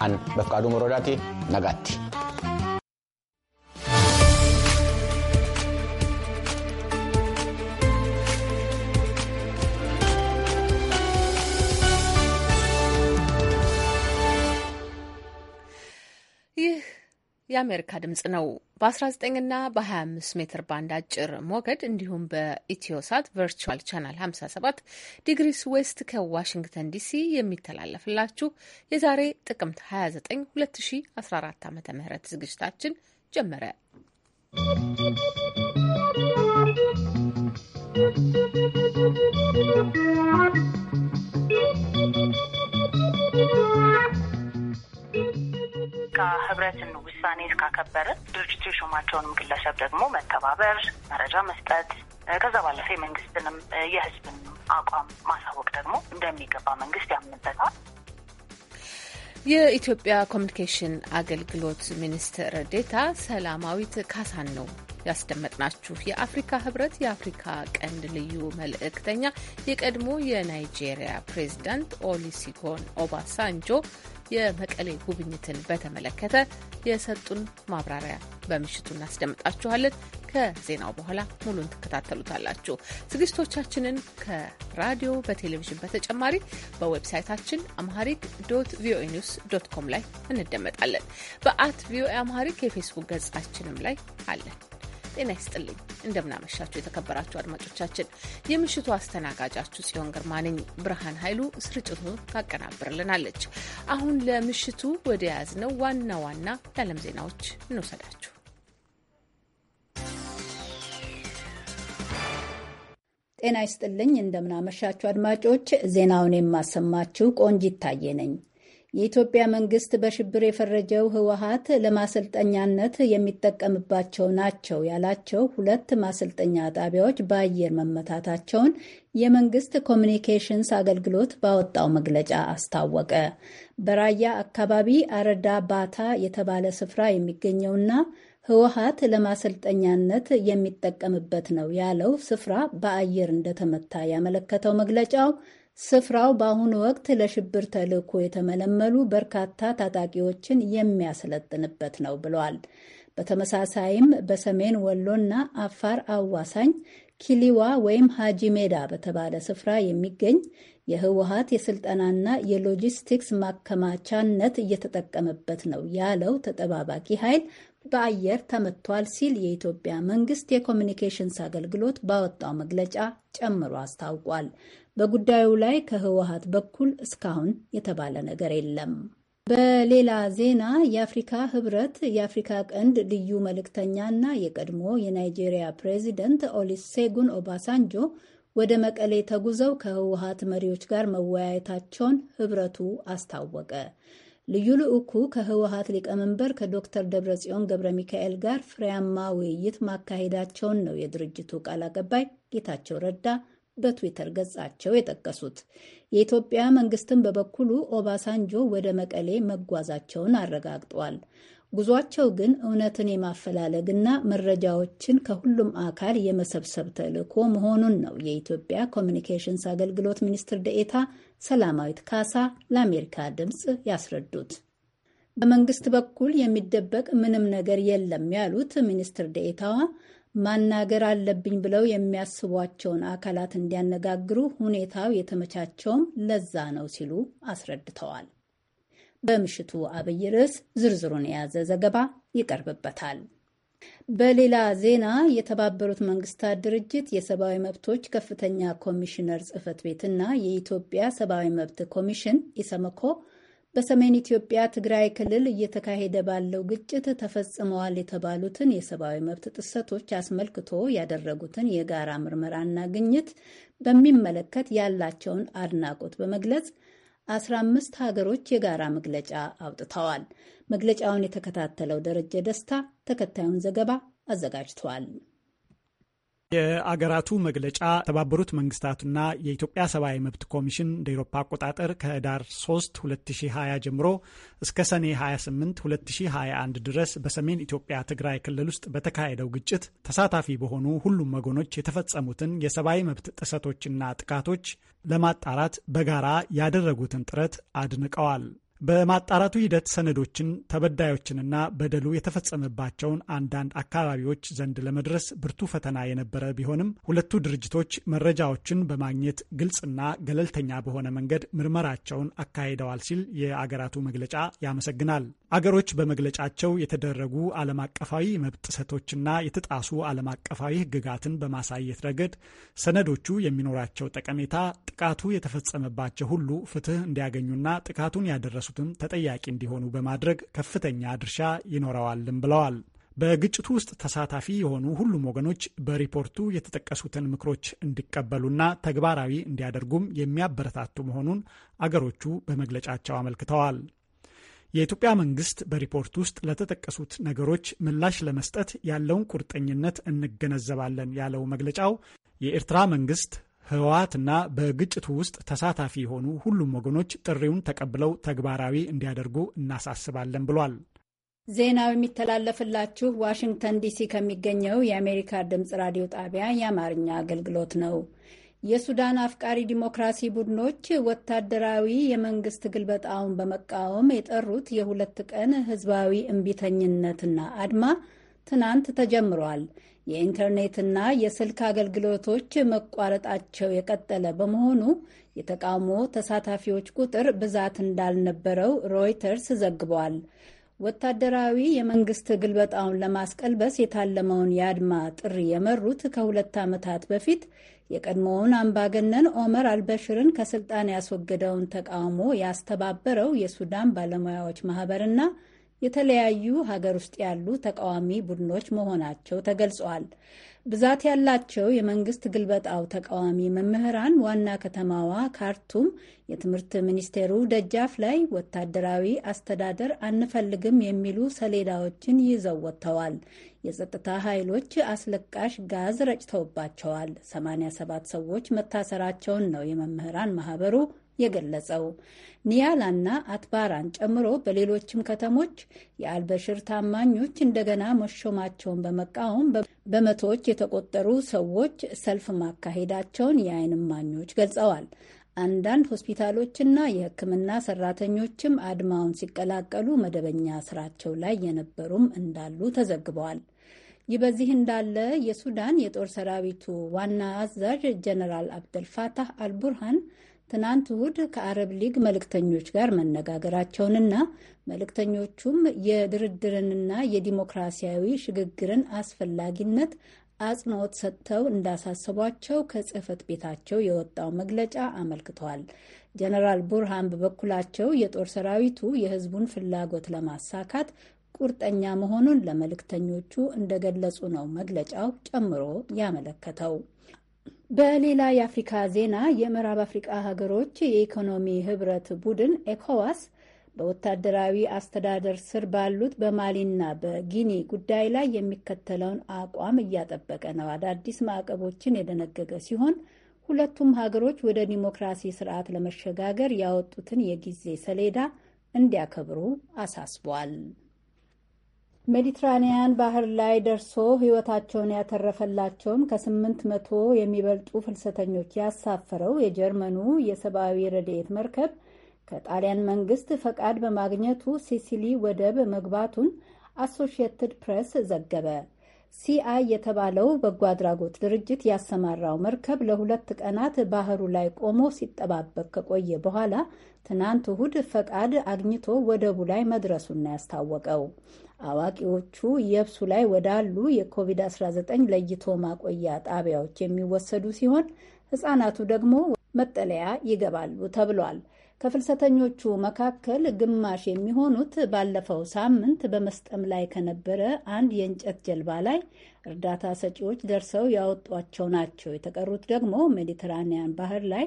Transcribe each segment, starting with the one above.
An bakka aduu moroodaati nagaatti. የአሜሪካ ድምጽ ነው። በ19 ና በ25 ሜትር ባንድ አጭር ሞገድ እንዲሁም በኢትዮሳት ቨርቹዋል ቻናል 57 ዲግሪስ ዌስት ከዋሽንግተን ዲሲ የሚተላለፍላችሁ የዛሬ ጥቅምት 29 2014 ዓ ም ዝግጅታችን ጀመረ። ህብረት ነው ውሳኔ ካከበረ ድርጅቱ የሾማቸውንም ግለሰብ ደግሞ መተባበር፣ መረጃ መስጠት ከዛ ባለፈ የመንግስትንም የህዝብን አቋም ማሳወቅ ደግሞ እንደሚገባ መንግስት ያምንበታል። የኢትዮጵያ ኮሚኒኬሽን አገልግሎት ሚኒስትር ዴታ ሰላማዊት ካሳን ነው ያስደመጥናችሁ። የአፍሪካ ህብረት የአፍሪካ ቀንድ ልዩ መልእክተኛ የቀድሞ የናይጄሪያ ፕሬዚዳንት ኦሊሲጎን ኦባሳንጆ የመቀሌ ጉብኝትን በተመለከተ የሰጡን ማብራሪያ በምሽቱ እናስደምጣችኋለን። ከዜናው በኋላ ሙሉን ትከታተሉታላችሁ። ዝግጅቶቻችንን ከራዲዮ በቴሌቪዥን በተጨማሪ በዌብሳይታችን አምሃሪክ ዶት ቪኦኤ ኒውስ ዶት ኮም ላይ እንደመጣለን። በአት ቪኦኤ አምሃሪክ የፌስቡክ ገጻችንም ላይ አለን። ጤና ይስጥልኝ። እንደምናመሻችሁ የተከበራችሁ አድማጮቻችን፣ የምሽቱ አስተናጋጃችሁ ጽዮን ግርማ ነኝ። ብርሃን ኃይሉ ስርጭቱን ታቀናብርልናለች። አሁን ለምሽቱ ወደ ያዝነው ዋና ዋና የዓለም ዜናዎች እንውሰዳችሁ። ጤና ይስጥልኝ። እንደምናመሻችሁ አድማጮች፣ ዜናውን የማሰማችሁ ቆንጅ ታየ ነኝ። የኢትዮጵያ መንግስት በሽብር የፈረጀው ህወሀት ለማሰልጠኛነት የሚጠቀምባቸው ናቸው ያላቸው ሁለት ማሰልጠኛ ጣቢያዎች በአየር መመታታቸውን የመንግስት ኮሚኒኬሽንስ አገልግሎት ባወጣው መግለጫ አስታወቀ። በራያ አካባቢ አረዳ ባታ የተባለ ስፍራ የሚገኘውና ህወሀት ለማሰልጠኛነት የሚጠቀምበት ነው ያለው ስፍራ በአየር እንደተመታ ያመለከተው መግለጫው ስፍራው በአሁኑ ወቅት ለሽብር ተልዕኮ የተመለመሉ በርካታ ታጣቂዎችን የሚያሰለጥንበት ነው ብለዋል። በተመሳሳይም በሰሜን ወሎና አፋር አዋሳኝ ኪሊዋ ወይም ሃጂ ሜዳ በተባለ ስፍራ የሚገኝ የህወሀት የስልጠናና የሎጂስቲክስ ማከማቻነት እየተጠቀመበት ነው ያለው ተጠባባቂ ኃይል በአየር ተመቷል ሲል የኢትዮጵያ መንግስት የኮሚኒኬሽንስ አገልግሎት ባወጣው መግለጫ ጨምሮ አስታውቋል። በጉዳዩ ላይ ከህወሀት በኩል እስካሁን የተባለ ነገር የለም። በሌላ ዜና የአፍሪካ ህብረት የአፍሪካ ቀንድ ልዩ መልእክተኛና የቀድሞ የናይጄሪያ ፕሬዚደንት ኦሊሴጉን ኦባሳንጆ ወደ መቀሌ ተጉዘው ከህወሀት መሪዎች ጋር መወያየታቸውን ህብረቱ አስታወቀ። ልዩ ልዑኩ ከህወሀት ሊቀመንበር ከዶክተር ደብረጽዮን ገብረ ሚካኤል ጋር ፍሬያማ ውይይት ማካሄዳቸውን ነው የድርጅቱ ቃል አቀባይ ጌታቸው ረዳ በትዊተር ገጻቸው የጠቀሱት። የኢትዮጵያ መንግስትም በበኩሉ ኦባሳንጆ ወደ መቀሌ መጓዛቸውን አረጋግጧል። ጉዟቸው ግን እውነትን የማፈላለግና መረጃዎችን ከሁሉም አካል የመሰብሰብ ተልዕኮ መሆኑን ነው የኢትዮጵያ ኮሚኒኬሽንስ አገልግሎት ሚኒስትር ደኤታ ሰላማዊት ካሳ ለአሜሪካ ድምፅ ያስረዱት። በመንግስት በኩል የሚደበቅ ምንም ነገር የለም ያሉት ሚኒስትር ደኤታዋ ማናገር አለብኝ ብለው የሚያስቧቸውን አካላት እንዲያነጋግሩ ሁኔታው የተመቻቸውም ለዛ ነው ሲሉ አስረድተዋል። በምሽቱ አብይ ርዕስ ዝርዝሩን የያዘ ዘገባ ይቀርብበታል። በሌላ ዜና የተባበሩት መንግስታት ድርጅት የሰብአዊ መብቶች ከፍተኛ ኮሚሽነር ጽህፈት ቤትና የኢትዮጵያ ሰብአዊ መብት ኮሚሽን ኢሰመኮ በሰሜን ኢትዮጵያ ትግራይ ክልል እየተካሄደ ባለው ግጭት ተፈጽመዋል የተባሉትን የሰብአዊ መብት ጥሰቶች አስመልክቶ ያደረጉትን የጋራ ምርመራና ግኝት በሚመለከት ያላቸውን አድናቆት በመግለጽ አስራ አምስት ሀገሮች የጋራ መግለጫ አውጥተዋል። መግለጫውን የተከታተለው ደረጀ ደስታ ተከታዩን ዘገባ አዘጋጅተዋል። የአገራቱ መግለጫ የተባበሩት መንግስታትና የኢትዮጵያ ሰብአዊ መብት ኮሚሽን እንደ ኤሮፓ አቆጣጠር ከህዳር 3 2020 ጀምሮ እስከ ሰኔ 28 2021 ድረስ በሰሜን ኢትዮጵያ ትግራይ ክልል ውስጥ በተካሄደው ግጭት ተሳታፊ በሆኑ ሁሉም ወገኖች የተፈጸሙትን የሰብአዊ መብት ጥሰቶችና ጥቃቶች ለማጣራት በጋራ ያደረጉትን ጥረት አድንቀዋል። በማጣራቱ ሂደት ሰነዶችን፣ ተበዳዮችንና በደሉ የተፈጸመባቸውን አንዳንድ አካባቢዎች ዘንድ ለመድረስ ብርቱ ፈተና የነበረ ቢሆንም ሁለቱ ድርጅቶች መረጃዎችን በማግኘት ግልጽና ገለልተኛ በሆነ መንገድ ምርመራቸውን አካሂደዋል ሲል የአገራቱ መግለጫ ያመሰግናል። አገሮች በመግለጫቸው የተደረጉ ዓለም አቀፋዊ መብት ጥሰቶችና የተጣሱ ዓለም አቀፋዊ ሕግጋትን በማሳየት ረገድ ሰነዶቹ የሚኖራቸው ጠቀሜታ ጥቃቱ የተፈጸመባቸው ሁሉ ፍትህ እንዲያገኙና ጥቃቱን ያደረሱትም ተጠያቂ እንዲሆኑ በማድረግ ከፍተኛ ድርሻ ይኖረዋልም ብለዋል። በግጭቱ ውስጥ ተሳታፊ የሆኑ ሁሉም ወገኖች በሪፖርቱ የተጠቀሱትን ምክሮች እንዲቀበሉና ተግባራዊ እንዲያደርጉም የሚያበረታቱ መሆኑን አገሮቹ በመግለጫቸው አመልክተዋል። የኢትዮጵያ መንግስት በሪፖርት ውስጥ ለተጠቀሱት ነገሮች ምላሽ ለመስጠት ያለውን ቁርጠኝነት እንገነዘባለን ያለው መግለጫው የኤርትራ መንግስት ህወሓትና በግጭቱ ውስጥ ተሳታፊ የሆኑ ሁሉም ወገኖች ጥሪውን ተቀብለው ተግባራዊ እንዲያደርጉ እናሳስባለን ብሏል። ዜናው የሚተላለፍላችሁ ዋሽንግተን ዲሲ ከሚገኘው የአሜሪካ ድምፅ ራዲዮ ጣቢያ የአማርኛ አገልግሎት ነው። የሱዳን አፍቃሪ ዲሞክራሲ ቡድኖች ወታደራዊ የመንግስት ግልበጣውን በመቃወም የጠሩት የሁለት ቀን ህዝባዊ እምቢተኝነትና አድማ ትናንት ተጀምሯል። የኢንተርኔትና የስልክ አገልግሎቶች መቋረጣቸው የቀጠለ በመሆኑ የተቃውሞ ተሳታፊዎች ቁጥር ብዛት እንዳልነበረው ሮይተርስ ዘግቧል። ወታደራዊ የመንግስት ግልበጣውን ለማስቀልበስ የታለመውን የአድማ ጥሪ የመሩት ከሁለት ዓመታት በፊት የቀድሞውን አምባገነን ኦመር አልበሽርን ከስልጣን ያስወገደውን ተቃውሞ ያስተባበረው የሱዳን ባለሙያዎች ማህበርና የተለያዩ ሀገር ውስጥ ያሉ ተቃዋሚ ቡድኖች መሆናቸው ተገልጿል። ብዛት ያላቸው የመንግስት ግልበጣው ተቃዋሚ መምህራን ዋና ከተማዋ ካርቱም የትምህርት ሚኒስቴሩ ደጃፍ ላይ ወታደራዊ አስተዳደር አንፈልግም የሚሉ ሰሌዳዎችን ይዘው ወጥተዋል። የጸጥታ ኃይሎች አስለቃሽ ጋዝ ረጭተውባቸዋል። 87 ሰዎች መታሰራቸውን ነው የመምህራን ማህበሩ የገለጸው። ኒያላና አትባራን ጨምሮ በሌሎችም ከተሞች የአልበሽር ታማኞች እንደገና መሾማቸውን በመቃወም በመቶዎች የተቆጠሩ ሰዎች ሰልፍ ማካሄዳቸውን የዓይን እማኞች ገልጸዋል። አንዳንድ ሆስፒታሎችና የሕክምና ሰራተኞችም አድማውን ሲቀላቀሉ መደበኛ ስራቸው ላይ የነበሩም እንዳሉ ተዘግበዋል። ይህ በዚህ እንዳለ የሱዳን የጦር ሰራዊቱ ዋና አዛዥ ጀነራል አብደልፋታህ አልቡርሃን ትናንት እሁድ ከአረብ ሊግ መልእክተኞች ጋር መነጋገራቸውንና መልእክተኞቹም የድርድርንና የዲሞክራሲያዊ ሽግግርን አስፈላጊነት አጽንኦት ሰጥተው እንዳሳሰቧቸው ከጽህፈት ቤታቸው የወጣው መግለጫ አመልክቷል። ጀነራል ቡርሃን በበኩላቸው የጦር ሰራዊቱ የህዝቡን ፍላጎት ለማሳካት ቁርጠኛ መሆኑን ለመልእክተኞቹ እንደገለጹ ነው መግለጫው ጨምሮ ያመለከተው። በሌላ የአፍሪካ ዜና የምዕራብ አፍሪካ ሀገሮች የኢኮኖሚ ህብረት ቡድን ኤኮዋስ በወታደራዊ አስተዳደር ስር ባሉት በማሊና በጊኒ ጉዳይ ላይ የሚከተለውን አቋም እያጠበቀ ነው። አዳዲስ ማዕቀቦችን የደነገገ ሲሆን ሁለቱም ሀገሮች ወደ ዲሞክራሲ ስርዓት ለመሸጋገር ያወጡትን የጊዜ ሰሌዳ እንዲያከብሩ አሳስቧል። ሜዲትራኒያን ባህር ላይ ደርሶ ሕይወታቸውን ያተረፈላቸውን ከስምንት መቶ የሚበልጡ ፍልሰተኞች ያሳፈረው የጀርመኑ የሰብአዊ ረድኤት መርከብ ከጣሊያን መንግስት ፈቃድ በማግኘቱ ሲሲሊ ወደብ መግባቱን አሶሺየትድ ፕሬስ ዘገበ። ሲአይ የተባለው በጎ አድራጎት ድርጅት ያሰማራው መርከብ ለሁለት ቀናት ባህሩ ላይ ቆሞ ሲጠባበቅ ከቆየ በኋላ ትናንት እሁድ ፈቃድ አግኝቶ ወደቡ ላይ መድረሱን ያስታወቀው አዋቂዎቹ የብሱ ላይ ወዳሉ የኮቪድ-19 ለይቶ ማቆያ ጣቢያዎች የሚወሰዱ ሲሆን ሕጻናቱ ደግሞ መጠለያ ይገባሉ ተብሏል። ከፍልሰተኞቹ መካከል ግማሽ የሚሆኑት ባለፈው ሳምንት በመስጠም ላይ ከነበረ አንድ የእንጨት ጀልባ ላይ እርዳታ ሰጪዎች ደርሰው ያወጧቸው ናቸው። የተቀሩት ደግሞ ሜዲትራኒያን ባህር ላይ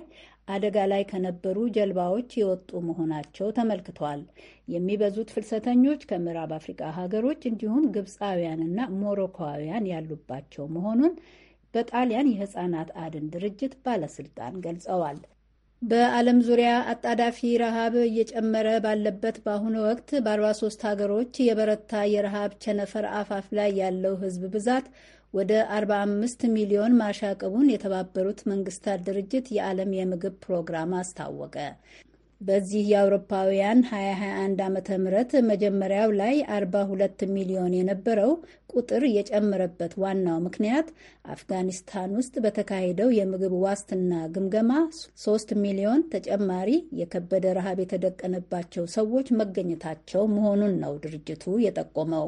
አደጋ ላይ ከነበሩ ጀልባዎች የወጡ መሆናቸው ተመልክቷል። የሚበዙት ፍልሰተኞች ከምዕራብ አፍሪካ ሀገሮች እንዲሁም ግብፃውያንና ሞሮኮውያን ያሉባቸው መሆኑን በጣሊያን የህፃናት አድን ድርጅት ባለስልጣን ገልጸዋል። በዓለም ዙሪያ አጣዳፊ ረሃብ እየጨመረ ባለበት በአሁኑ ወቅት በ43 ሀገሮች የበረታ የረሃብ ቸነፈር አፋፍ ላይ ያለው ሕዝብ ብዛት ወደ 45 ሚሊዮን ማሻቀቡን የተባበሩት መንግስታት ድርጅት የዓለም የምግብ ፕሮግራም አስታወቀ። በዚህ የአውሮፓውያን 2021 ም መጀመሪያው ላይ 42 ሚሊዮን የነበረው ቁጥር የጨመረበት ዋናው ምክንያት አፍጋኒስታን ውስጥ በተካሄደው የምግብ ዋስትና ግምገማ 3 ሚሊዮን ተጨማሪ የከበደ ረሃብ የተደቀነባቸው ሰዎች መገኘታቸው መሆኑን ነው ድርጅቱ የጠቆመው።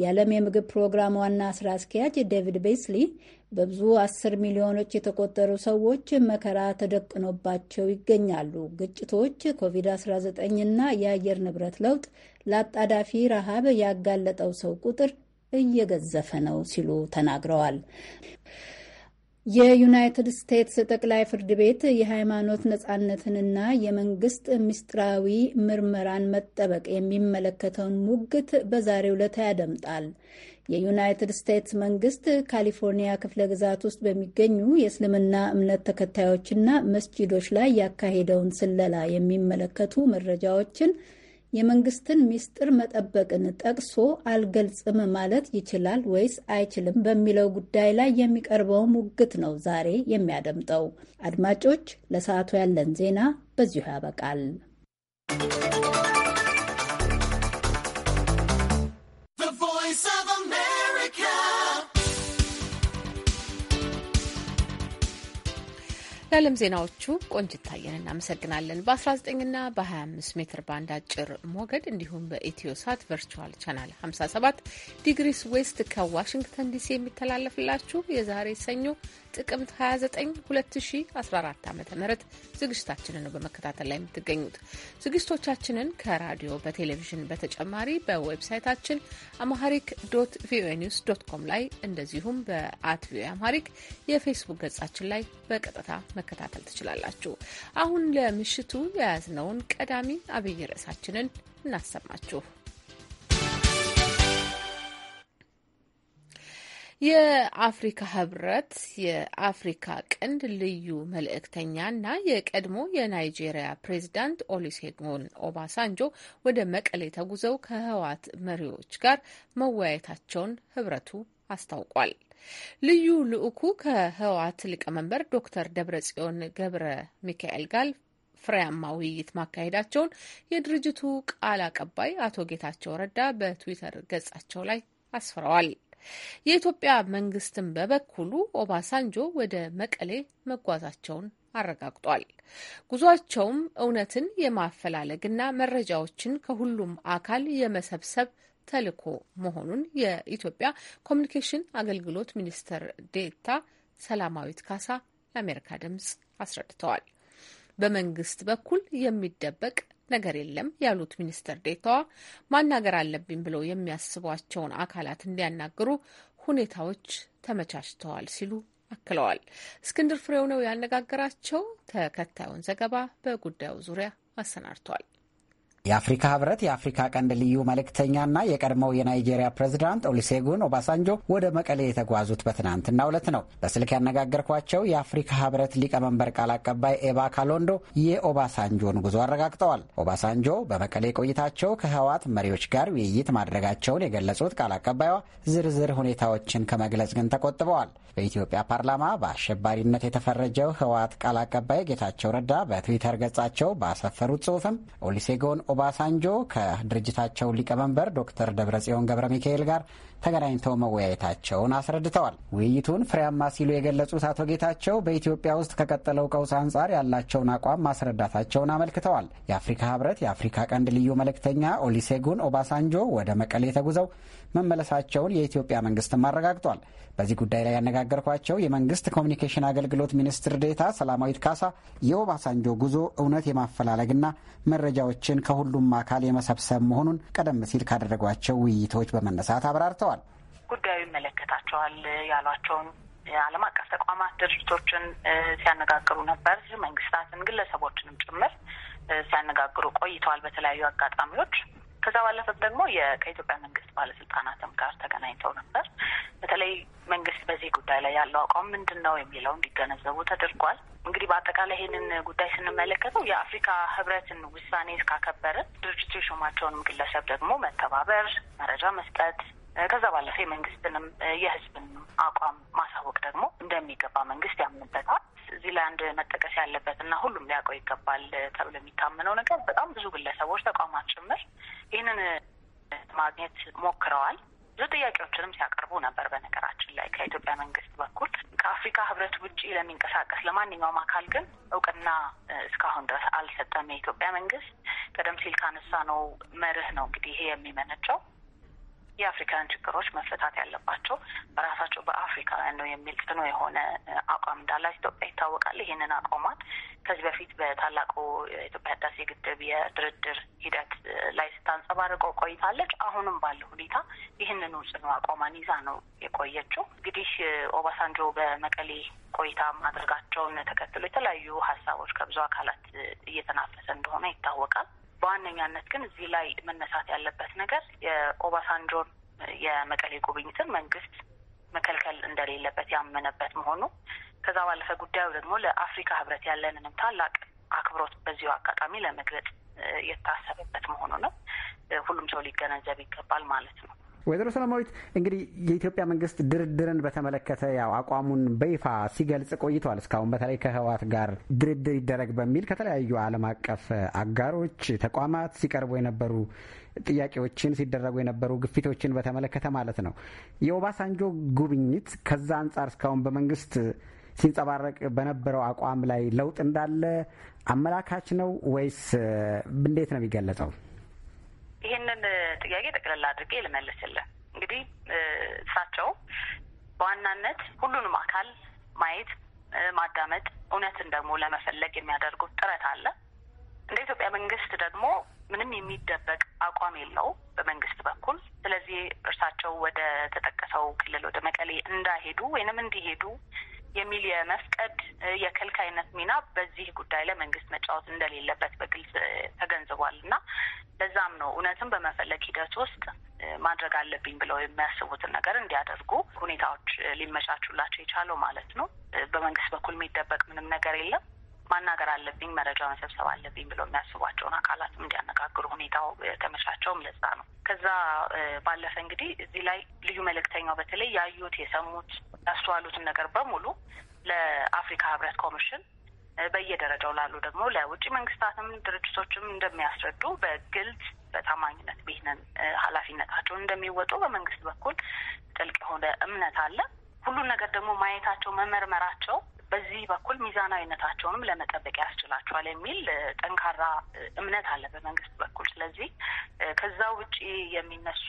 የዓለም የምግብ ፕሮግራም ዋና ስራ አስኪያጅ ዴቪድ ቤስሊ በብዙ አስር ሚሊዮኖች የተቆጠሩ ሰዎች መከራ ተደቅኖባቸው ይገኛሉ። ግጭቶች፣ ኮቪድ-19 እና የአየር ንብረት ለውጥ ለአጣዳፊ ረሃብ ያጋለጠው ሰው ቁጥር እየገዘፈ ነው ሲሉ ተናግረዋል። የዩናይትድ ስቴትስ ጠቅላይ ፍርድ ቤት የሃይማኖት ነጻነትንና የመንግስት ምስጢራዊ ምርመራን መጠበቅ የሚመለከተውን ሙግት በዛሬው ዕለት ያደምጣል። የዩናይትድ ስቴትስ መንግስት ካሊፎርኒያ ክፍለ ግዛት ውስጥ በሚገኙ የእስልምና እምነት ተከታዮችና መስጂዶች ላይ ያካሄደውን ስለላ የሚመለከቱ መረጃዎችን የመንግስትን ሚስጥር መጠበቅን ጠቅሶ አልገልጽም ማለት ይችላል ወይስ አይችልም በሚለው ጉዳይ ላይ የሚቀርበው ሙግት ነው ዛሬ የሚያደምጠው። አድማጮች፣ ለሰዓቱ ያለን ዜና በዚሁ ያበቃል። ለዓለም ዜናዎቹ ቆንጅታየን እናመሰግናለን። በ19ና በ25 ሜትር ባንድ አጭር ሞገድ እንዲሁም በኢትዮ ሳት ቨርቹዋል ቻናል 57 ዲግሪስ ዌስት ከዋሽንግተን ዲሲ የሚተላለፍላችሁ የዛሬ ሰኞ ጥቅምት 29 2014 ዓ ም ዝግጅታችንን ነው በመከታተል ላይ የምትገኙት። ዝግጅቶቻችንን ከራዲዮ በቴሌቪዥን በተጨማሪ በዌብሳይታችን አማሃሪክ ዶት ቪኦኤ ኒውስ ዶት ኮም ላይ እንደዚሁም በአት ቪኦኤ አማሃሪክ የፌስቡክ ገጻችን ላይ በቀጥታ መከታተል ትችላላችሁ። አሁን ለምሽቱ የያዝነውን ቀዳሚ አብይ ርዕሳችንን እናሰማችሁ። የአፍሪካ ህብረት የአፍሪካ ቀንድ ልዩ መልእክተኛ እና የቀድሞ የናይጄሪያ ፕሬዚዳንት ኦሊሴጎን ኦባሳንጆ ወደ መቀሌ ተጉዘው ከህወሓት መሪዎች ጋር መወያየታቸውን ህብረቱ አስታውቋል። ልዩ ልዑኩ ከህወሓት ሊቀመንበር ዶክተር ደብረጽዮን ገብረ ሚካኤል ጋር ፍሬያማ ውይይት ማካሄዳቸውን የድርጅቱ ቃል አቀባይ አቶ ጌታቸው ረዳ በትዊተር ገጻቸው ላይ አስፍረዋል። የኢትዮጵያ መንግስትም በበኩሉ ኦባሳንጆ ወደ መቀሌ መጓዛቸውን አረጋግጧል። ጉዟቸውም እውነትን የማፈላለግና መረጃዎችን ከሁሉም አካል የመሰብሰብ ተልዕኮ መሆኑን የኢትዮጵያ ኮሚኒኬሽን አገልግሎት ሚኒስትር ዴታ ሰላማዊት ካሳ ለአሜሪካ ድምጽ አስረድተዋል። በመንግስት በኩል የሚደበቅ ነገር የለም ያሉት ሚኒስትር ዴታዋ ማናገር አለብኝ ብለው የሚያስቧቸውን አካላት እንዲያናግሩ ሁኔታዎች ተመቻችተዋል ሲሉ አክለዋል። እስክንድር ፍሬው ነው ያነጋገራቸው። ተከታዩን ዘገባ በጉዳዩ ዙሪያ አሰናድቷል። የአፍሪካ ህብረት የአፍሪካ ቀንድ ልዩ መልእክተኛና የቀድሞው የናይጄሪያ ፕሬዝዳንት ኦሊሴጉን ኦባሳንጆ ወደ መቀሌ የተጓዙት በትናንትናው ዕለት ነው። በስልክ ያነጋገርኳቸው የአፍሪካ ህብረት ሊቀመንበር ቃል አቀባይ ኤባ ካሎንዶ የኦባሳንጆን ጉዞ አረጋግጠዋል። ኦባሳንጆ በመቀሌ ቆይታቸው ከህወሓት መሪዎች ጋር ውይይት ማድረጋቸውን የገለጹት ቃል አቀባይዋ ዝርዝር ሁኔታዎችን ከመግለጽ ግን ተቆጥበዋል። በኢትዮጵያ ፓርላማ በአሸባሪነት የተፈረጀው ህወሓት ቃል አቀባይ ጌታቸው ረዳ በትዊተር ገጻቸው ባሰፈሩት ጽሑፍም ኦሊሴጎን ኦባሳንጆ ከድርጅታቸው ሊቀመንበር ዶክተር ደብረጽዮን ገብረ ሚካኤል ጋር ተገናኝተው መወያየታቸውን አስረድተዋል። ውይይቱን ፍሬያማ ሲሉ የገለጹት አቶ ጌታቸው በኢትዮጵያ ውስጥ ከቀጠለው ቀውስ አንጻር ያላቸውን አቋም ማስረዳታቸውን አመልክተዋል። የአፍሪካ ህብረት የአፍሪካ ቀንድ ልዩ መልእክተኛ ኦሊሴጉን ኦባሳንጆ ወደ መቀሌ ተጉዘው መመለሳቸውን የኢትዮጵያ መንግስትም አረጋግጧል። በዚህ ጉዳይ ላይ ያነጋገርኳቸው የመንግስት ኮሚኒኬሽን አገልግሎት ሚኒስትር ዴታ ሰላማዊት ካሳ የኦባሳንጆ ጉዞ እውነት የማፈላለግና መረጃዎችን ከሁሉም አካል የመሰብሰብ መሆኑን ቀደም ሲል ካደረጓቸው ውይይቶች በመነሳት አብራርተዋል። ጉዳዩ ይመለከታቸዋል ያሏቸውን የአለም አቀፍ ተቋማት ድርጅቶችን ሲያነጋግሩ ነበር። መንግስታትን፣ ግለሰቦችንም ጭምር ሲያነጋግሩ ቆይተዋል በተለያዩ አጋጣሚዎች ከዛ ባለፈት ደግሞ ከኢትዮጵያ መንግስት ባለስልጣናትም ጋር ተገናኝተው ነበር። በተለይ መንግስት በዚህ ጉዳይ ላይ ያለው አቋም ምንድን ነው የሚለው እንዲገነዘቡ ተደርጓል። እንግዲህ በአጠቃላይ ይህንን ጉዳይ ስንመለከተው የአፍሪካ ህብረትን ውሳኔ እስካከበርን ድርጅቱ የሾማቸውንም ግለሰብ ደግሞ መተባበር፣ መረጃ መስጠት ከዛ ባለፈ የመንግስትንም የህዝብን አቋም ማሳወቅ ደግሞ እንደሚገባ መንግስት ያምንበታል። እዚህ ላይ አንድ መጠቀስ ያለበት እና ሁሉም ሊያውቀው ይገባል ተብሎ የሚታመነው ነገር በጣም ብዙ ግለሰቦች፣ ተቋማት ጭምር ይህንን ማግኘት ሞክረዋል። ብዙ ጥያቄዎችንም ሲያቀርቡ ነበር። በነገራችን ላይ ከኢትዮጵያ መንግስት በኩል ከአፍሪካ ህብረት ውጭ ለሚንቀሳቀስ ለማንኛውም አካል ግን እውቅና እስካሁን ድረስ አልሰጠም የኢትዮጵያ መንግስት። ቀደም ሲል ካነሳ ነው መርህ ነው እንግዲህ ይሄ የሚመነጨው የአፍሪካን ችግሮች መፈታት ያለባቸው በራሳቸው በአፍሪካውያን ነው የሚል ጽኑ የሆነ አቋም እንዳላት ኢትዮጵያ ይታወቃል። ይህንን አቋሟን ከዚህ በፊት በታላቁ የኢትዮጵያ ህዳሴ ግድብ የድርድር ሂደት ላይ ስታንጸባርቀው ቆይታለች። አሁንም ባለ ሁኔታ ይህንኑ ጽኑ አቋሟን ይዛ ነው የቆየችው። እንግዲህ ኦባሳንጆ በመቀሌ ቆይታ ማድረጋቸውን ተከትሎ የተለያዩ ሀሳቦች ከብዙ አካላት እየተናፈሰ እንደሆነ ይታወቃል። በዋነኛነት ግን እዚህ ላይ መነሳት ያለበት ነገር የኦባሳንጆን የመቀሌ ጉብኝትን መንግስት መከልከል እንደሌለበት ያመነበት መሆኑ ከዛ ባለፈ ጉዳዩ ደግሞ ለአፍሪካ ህብረት ያለንንም ታላቅ አክብሮት በዚሁ አጋጣሚ ለመግለጽ የታሰበበት መሆኑ ነው። ሁሉም ሰው ሊገነዘብ ይገባል ማለት ነው። ወይዘሮ ሰላማዊት እንግዲህ የኢትዮጵያ መንግስት ድርድርን በተመለከተ ያው አቋሙን በይፋ ሲገልጽ ቆይቷል። እስካሁን በተለይ ከህወሓት ጋር ድርድር ይደረግ በሚል ከተለያዩ ዓለም አቀፍ አጋሮች፣ ተቋማት ሲቀርቡ የነበሩ ጥያቄዎችን ሲደረጉ የነበሩ ግፊቶችን በተመለከተ ማለት ነው። የኦባሳንጆ ጉብኝት ከዛ አንጻር እስካሁን በመንግስት ሲንጸባረቅ በነበረው አቋም ላይ ለውጥ እንዳለ አመላካች ነው ወይስ እንዴት ነው የሚገለጸው? ይህንን ጥያቄ ጠቅለላ አድርጌ ልመልስልህ። እንግዲህ እሳቸው በዋናነት ሁሉንም አካል ማየት፣ ማዳመጥ፣ እውነትን ደግሞ ለመፈለግ የሚያደርጉት ጥረት አለ። እንደ ኢትዮጵያ መንግስት ደግሞ ምንም የሚደበቅ አቋም የለው በመንግስት በኩል። ስለዚህ እርሳቸው ወደ ተጠቀሰው ክልል ወደ መቀሌ እንዳሄዱ ወይንም እንዲሄዱ የሚል የመፍቀድ የከልካይነት ሚና በዚህ ጉዳይ ላይ መንግስት መጫወት እንደሌለበት በግልጽ ተገንዝቧል እና ለዛም ነው እውነትም በመፈለግ ሂደት ውስጥ ማድረግ አለብኝ ብለው የሚያስቡትን ነገር እንዲያደርጉ ሁኔታዎች ሊመቻቹላቸው የቻለው ማለት ነው። በመንግስት በኩል የሚደበቅ ምንም ነገር የለም። ማናገር አለብኝ፣ መረጃ መሰብሰብ አለብኝ ብለው የሚያስቧቸውን አካላትም እንዲያነጋግሩ ሁኔታው የተመቻቸውም ለዛ ነው። ከዛ ባለፈ እንግዲህ እዚህ ላይ ልዩ መልእክተኛው በተለይ ያዩት፣ የሰሙት፣ ያስተዋሉትን ነገር በሙሉ ለአፍሪካ ህብረት ኮሚሽን በየደረጃው ላሉ ደግሞ ለውጭ መንግስታትም ድርጅቶችም እንደሚያስረዱ በግልጽ በታማኝነት ብሔንን ኃላፊነታቸውን እንደሚወጡ በመንግስት በኩል ጥልቅ የሆነ እምነት አለ። ሁሉን ነገር ደግሞ ማየታቸው መመርመራቸው በዚህ በኩል ሚዛናዊነታቸውንም ለመጠበቅ ያስችላቸዋል የሚል ጠንካራ እምነት አለ በመንግስት በኩል። ስለዚህ ከዛ ውጪ የሚነሱ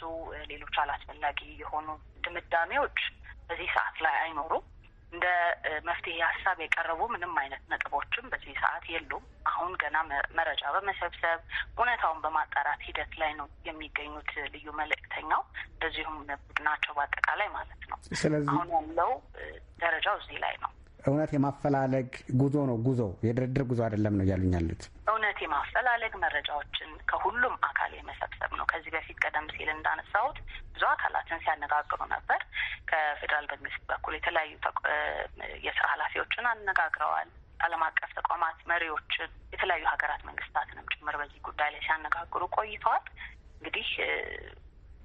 ሌሎች አላስፈላጊ የሆኑ ድምዳሜዎች በዚህ ሰዓት ላይ አይኖሩም። እንደ መፍትሄ ሀሳብ የቀረቡ ምንም አይነት ነጥቦችም በዚህ ሰዓት የሉም። አሁን ገና መረጃ በመሰብሰብ እውነታውን በማጣራት ሂደት ላይ ነው የሚገኙት ልዩ መልእክተኛው እንደዚሁም ቡድናቸው በአጠቃላይ ማለት ነው። ስለዚህ አሁን ያለው ደረጃው እዚህ ላይ ነው። እውነት የማፈላለግ ጉዞ ነው ጉዞ የድርድር ጉዞ አይደለም ነው እያሉኝ ያሉት። እውነት የማፈላለግ መረጃዎችን ከሁሉም አካል የመሰብሰብ ነው። ከዚህ በፊት ቀደም ሲል እንዳነሳሁት ብዙ አካላትን ሲያነጋግሩ ነበር። ከፌዴራል መንግስት በኩል የተለያዩ የስራ ኃላፊዎችን አነጋግረዋል። ዓለም አቀፍ ተቋማት መሪዎችን፣ የተለያዩ ሀገራት መንግስታትንም ጭምር በዚህ ጉዳይ ላይ ሲያነጋግሩ ቆይተዋል። እንግዲህ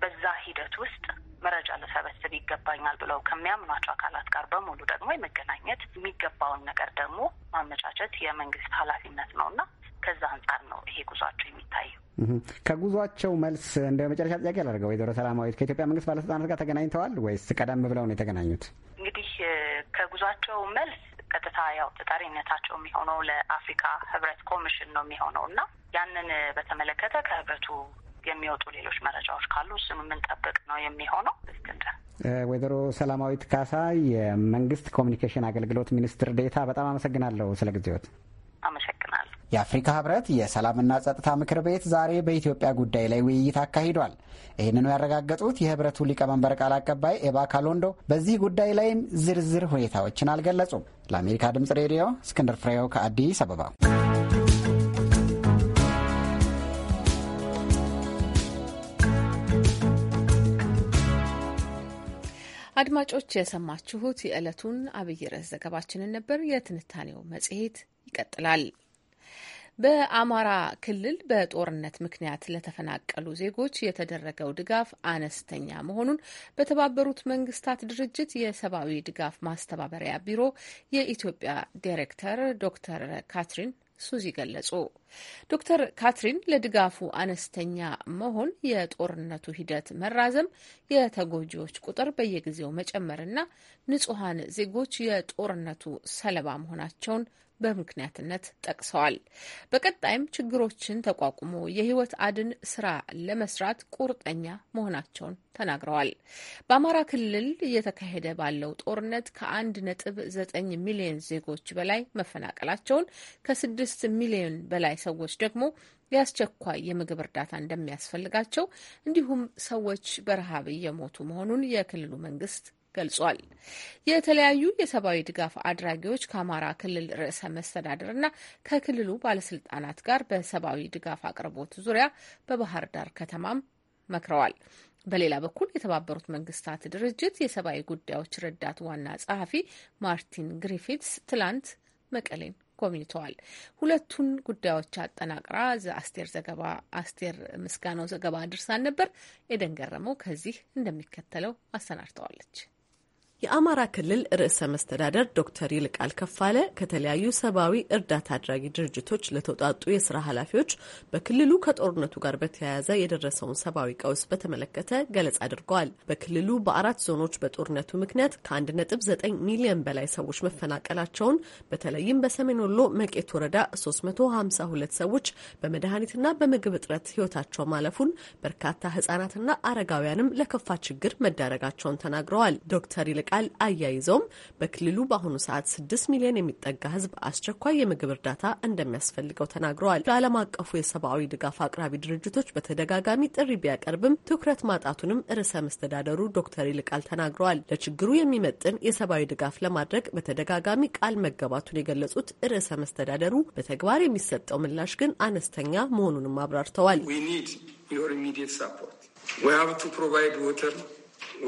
በዛ ሂደት ውስጥ መረጃ ልሰበስብ ይገባኛል ብለው ከሚያምኗቸው አካላት ጋር በሙሉ ደግሞ የመገናኘት የሚገባውን ነገር ደግሞ ማመቻቸት የመንግስት ኃላፊነት ነው እና ከዛ አንጻር ነው ይሄ ጉዟቸው የሚታየው። ከጉዟቸው መልስ እንደ መጨረሻ ጥያቄ አላደርገው ወይዘሮ ሰላማዊት ከኢትዮጵያ መንግስት ባለስልጣናት ጋር ተገናኝተዋል ወይስ ቀደም ብለው ነው የተገናኙት? እንግዲህ ከጉዟቸው መልስ ቀጥታ ያው ተጠሪነታቸው የሚሆነው ለአፍሪካ ህብረት ኮሚሽን ነው የሚሆነው እና ያንን በተመለከተ ከህብረቱ የሚወጡ ሌሎች መረጃዎች ካሉ እሱን የምንጠብቅ ነው የሚሆነው። እስክንድር። ወይዘሮ ሰላማዊት ካሳ የመንግስት ኮሚኒኬሽን አገልግሎት ሚኒስትር ዴታ፣ በጣም አመሰግናለሁ ስለ ጊዜዎት። አመሰግናለሁ። የአፍሪካ ህብረት የሰላምና ጸጥታ ምክር ቤት ዛሬ በኢትዮጵያ ጉዳይ ላይ ውይይት አካሂዷል። ይህንኑ ያረጋገጡት የህብረቱ ሊቀመንበር ቃል አቀባይ ኤባ ካሎንዶ በዚህ ጉዳይ ላይም ዝርዝር ሁኔታዎችን አልገለጹም። ለአሜሪካ ድምጽ ሬዲዮ እስክንድር ፍሬው ከአዲስ አበባ አድማጮች የሰማችሁት የዕለቱን አብይ ርዕስ ዘገባችንን ነበር። የትንታኔው መጽሔት ይቀጥላል። በአማራ ክልል በጦርነት ምክንያት ለተፈናቀሉ ዜጎች የተደረገው ድጋፍ አነስተኛ መሆኑን በተባበሩት መንግስታት ድርጅት የሰብአዊ ድጋፍ ማስተባበሪያ ቢሮ የኢትዮጵያ ዳይሬክተር ዶክተር ካትሪን ሱዚ ገለጹ። ዶክተር ካትሪን ለድጋፉ አነስተኛ መሆን፣ የጦርነቱ ሂደት መራዘም፣ የተጎጂዎች ቁጥር በየጊዜው መጨመርና ንጹሐን ዜጎች የጦርነቱ ሰለባ መሆናቸውን በምክንያትነት ጠቅሰዋል። በቀጣይም ችግሮችን ተቋቁሞ የህይወት አድን ስራ ለመስራት ቁርጠኛ መሆናቸውን ተናግረዋል። በአማራ ክልል እየተካሄደ ባለው ጦርነት ከአንድ ነጥብ ዘጠኝ ሚሊዮን ዜጎች በላይ መፈናቀላቸውን ከስድስት ሚሊዮን በላይ ሰዎች ደግሞ የአስቸኳይ የምግብ እርዳታ እንደሚያስፈልጋቸው እንዲሁም ሰዎች በረሃብ እየሞቱ መሆኑን የክልሉ መንግስት ገልጿል። የተለያዩ የሰብአዊ ድጋፍ አድራጊዎች ከአማራ ክልል ርዕሰ መስተዳድርና ከክልሉ ባለስልጣናት ጋር በሰብአዊ ድጋፍ አቅርቦት ዙሪያ በባህር ዳር ከተማም መክረዋል። በሌላ በኩል የተባበሩት መንግስታት ድርጅት የሰብአዊ ጉዳዮች ረዳት ዋና ጸሐፊ ማርቲን ግሪፊትስ ትላንት መቀሌን ጎብኝተዋል። ሁለቱን ጉዳዮች አጠናቅራ አስቴር ዘገባ አስቴር ምስጋናው ዘገባ አድርሳን ነበር። ኤደን ገረመው ከዚህ እንደሚከተለው አሰናድተዋለች። የአማራ ክልል ርዕሰ መስተዳደር ዶክተር ይልቃል ከፋለ ከተለያዩ ሰብአዊ እርዳታ አድራጊ ድርጅቶች ለተውጣጡ የስራ ኃላፊዎች በክልሉ ከጦርነቱ ጋር በተያያዘ የደረሰውን ሰብአዊ ቀውስ በተመለከተ ገለጻ አድርገዋል። በክልሉ በአራት ዞኖች በጦርነቱ ምክንያት ከ1.9 ሚሊዮን በላይ ሰዎች መፈናቀላቸውን በተለይም በሰሜን ወሎ መቄት ወረዳ 352 ሰዎች በመድኃኒትና በምግብ እጥረት ህይወታቸው ማለፉን፣ በርካታ ህጻናትና አረጋውያንም ለከፋ ችግር መዳረጋቸውን ተናግረዋል። ዶክተር ቃል አያይዘውም በክልሉ በአሁኑ ሰዓት ስድስት ሚሊዮን የሚጠጋ ህዝብ አስቸኳይ የምግብ እርዳታ እንደሚያስፈልገው ተናግረዋል። ለዓለም አቀፉ የሰብአዊ ድጋፍ አቅራቢ ድርጅቶች በተደጋጋሚ ጥሪ ቢያቀርብም ትኩረት ማጣቱንም ርዕሰ መስተዳደሩ ዶክተር ይልቃል ተናግረዋል። ለችግሩ የሚመጥን የሰብአዊ ድጋፍ ለማድረግ በተደጋጋሚ ቃል መገባቱን የገለጹት ርዕሰ መስተዳደሩ በተግባር የሚሰጠው ምላሽ ግን አነስተኛ መሆኑንም አብራርተዋል። We have to provide water.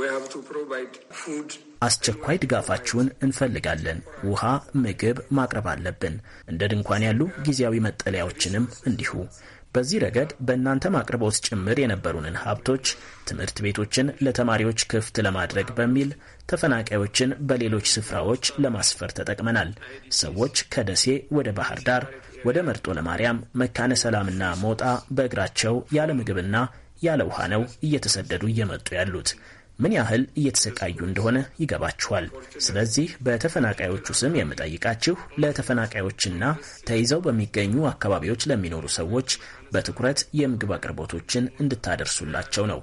We have to provide food. አስቸኳይ ድጋፋችሁን እንፈልጋለን። ውሃ፣ ምግብ ማቅረብ አለብን። እንደ ድንኳን ያሉ ጊዜያዊ መጠለያዎችንም እንዲሁ። በዚህ ረገድ በእናንተም አቅርቦት ጭምር የነበሩንን ሀብቶች ትምህርት ቤቶችን ለተማሪዎች ክፍት ለማድረግ በሚል ተፈናቃዮችን በሌሎች ስፍራዎች ለማስፈር ተጠቅመናል። ሰዎች ከደሴ ወደ ባህር ዳር፣ ወደ መርጦ ለማርያም፣ መካነ ሰላምና ሞጣ በእግራቸው ያለ ምግብና ያለ ውሃ ነው እየተሰደዱ እየመጡ ያሉት። ምን ያህል እየተሰቃዩ እንደሆነ ይገባችኋል። ስለዚህ በተፈናቃዮቹ ስም የምጠይቃችሁ ለተፈናቃዮችና ተይዘው በሚገኙ አካባቢዎች ለሚኖሩ ሰዎች በትኩረት የምግብ አቅርቦቶችን እንድታደርሱላቸው ነው።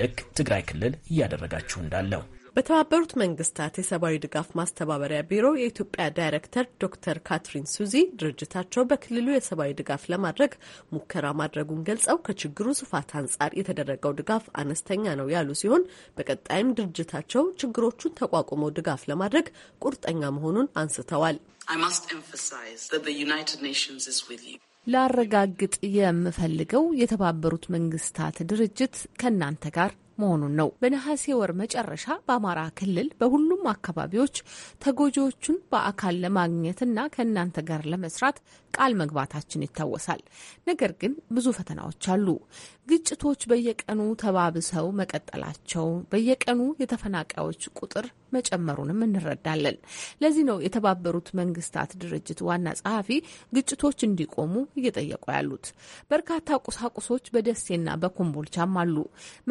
ልክ ትግራይ ክልል እያደረጋችሁ እንዳለው በተባበሩት መንግስታት የሰብአዊ ድጋፍ ማስተባበሪያ ቢሮ የኢትዮጵያ ዳይሬክተር ዶክተር ካትሪን ሱዚ ድርጅታቸው በክልሉ የሰብአዊ ድጋፍ ለማድረግ ሙከራ ማድረጉን ገልጸው ከችግሩ ስፋት አንጻር የተደረገው ድጋፍ አነስተኛ ነው ያሉ ሲሆን በቀጣይም ድርጅታቸው ችግሮቹን ተቋቁመው ድጋፍ ለማድረግ ቁርጠኛ መሆኑን አንስተዋል። ላረጋግጥ የምፈልገው የተባበሩት መንግስታት ድርጅት ከእናንተ ጋር መሆኑን ነው። በነሐሴ ወር መጨረሻ በአማራ ክልል በሁሉም አካባቢዎች ተጎጂዎቹን በአካል ለማግኘትና ከእናንተ ጋር ለመስራት ቃል መግባታችን ይታወሳል። ነገር ግን ብዙ ፈተናዎች አሉ። ግጭቶች በየቀኑ ተባብሰው መቀጠላቸው በየቀኑ የተፈናቃዮች ቁጥር መጨመሩንም እንረዳለን። ለዚህ ነው የተባበሩት መንግስታት ድርጅት ዋና ጸሐፊ ግጭቶች እንዲቆሙ እየጠየቁ ያሉት። በርካታ ቁሳቁሶች በደሴና በኮምቦልቻም አሉ።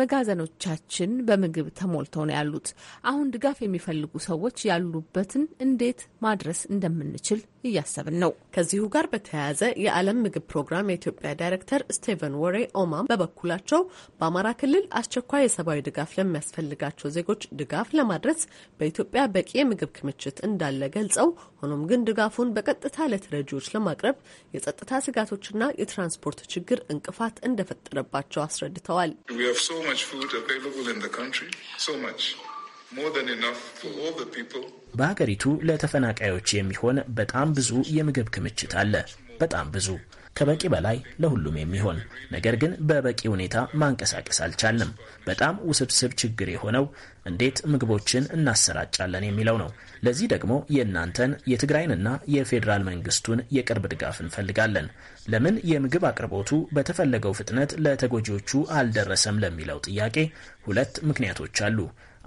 መጋዘኖቻችን በምግብ ተሞልተው ነው ያሉት። አሁን ድጋፍ የሚፈልጉ ሰዎች ያሉበትን እንዴት ማድረስ እንደምንችል እያሰብን ነው። ከዚሁ ጋር በተያያዘ የዓለም ምግብ ፕሮግራም የኢትዮጵያ ዳይሬክተር ስቴቨን ወሬ ኦማም በበኩላቸው በአማራ ክልል አስቸኳይ የሰብአዊ ድጋፍ ለሚያስፈልጋቸው ዜጎች ድጋፍ ለማድረስ በኢትዮጵያ በቂ የምግብ ክምችት እንዳለ ገልጸው፣ ሆኖም ግን ድጋፉን በቀጥታ ለተረጂዎች ለማቅረብ የጸጥታ ስጋቶችና የትራንስፖርት ችግር እንቅፋት እንደፈጠረባቸው አስረድተዋል። በሀገሪቱ ለተፈናቃዮች የሚሆን በጣም ብዙ የምግብ ክምችት አለ። በጣም ብዙ ከበቂ በላይ ለሁሉም የሚሆን ነገር ግን በበቂ ሁኔታ ማንቀሳቀስ አልቻልንም። በጣም ውስብስብ ችግር የሆነው እንዴት ምግቦችን እናሰራጫለን የሚለው ነው። ለዚህ ደግሞ የእናንተን የትግራይንና የፌዴራል መንግስቱን የቅርብ ድጋፍ እንፈልጋለን። ለምን የምግብ አቅርቦቱ በተፈለገው ፍጥነት ለተጎጂዎቹ አልደረሰም ለሚለው ጥያቄ ሁለት ምክንያቶች አሉ።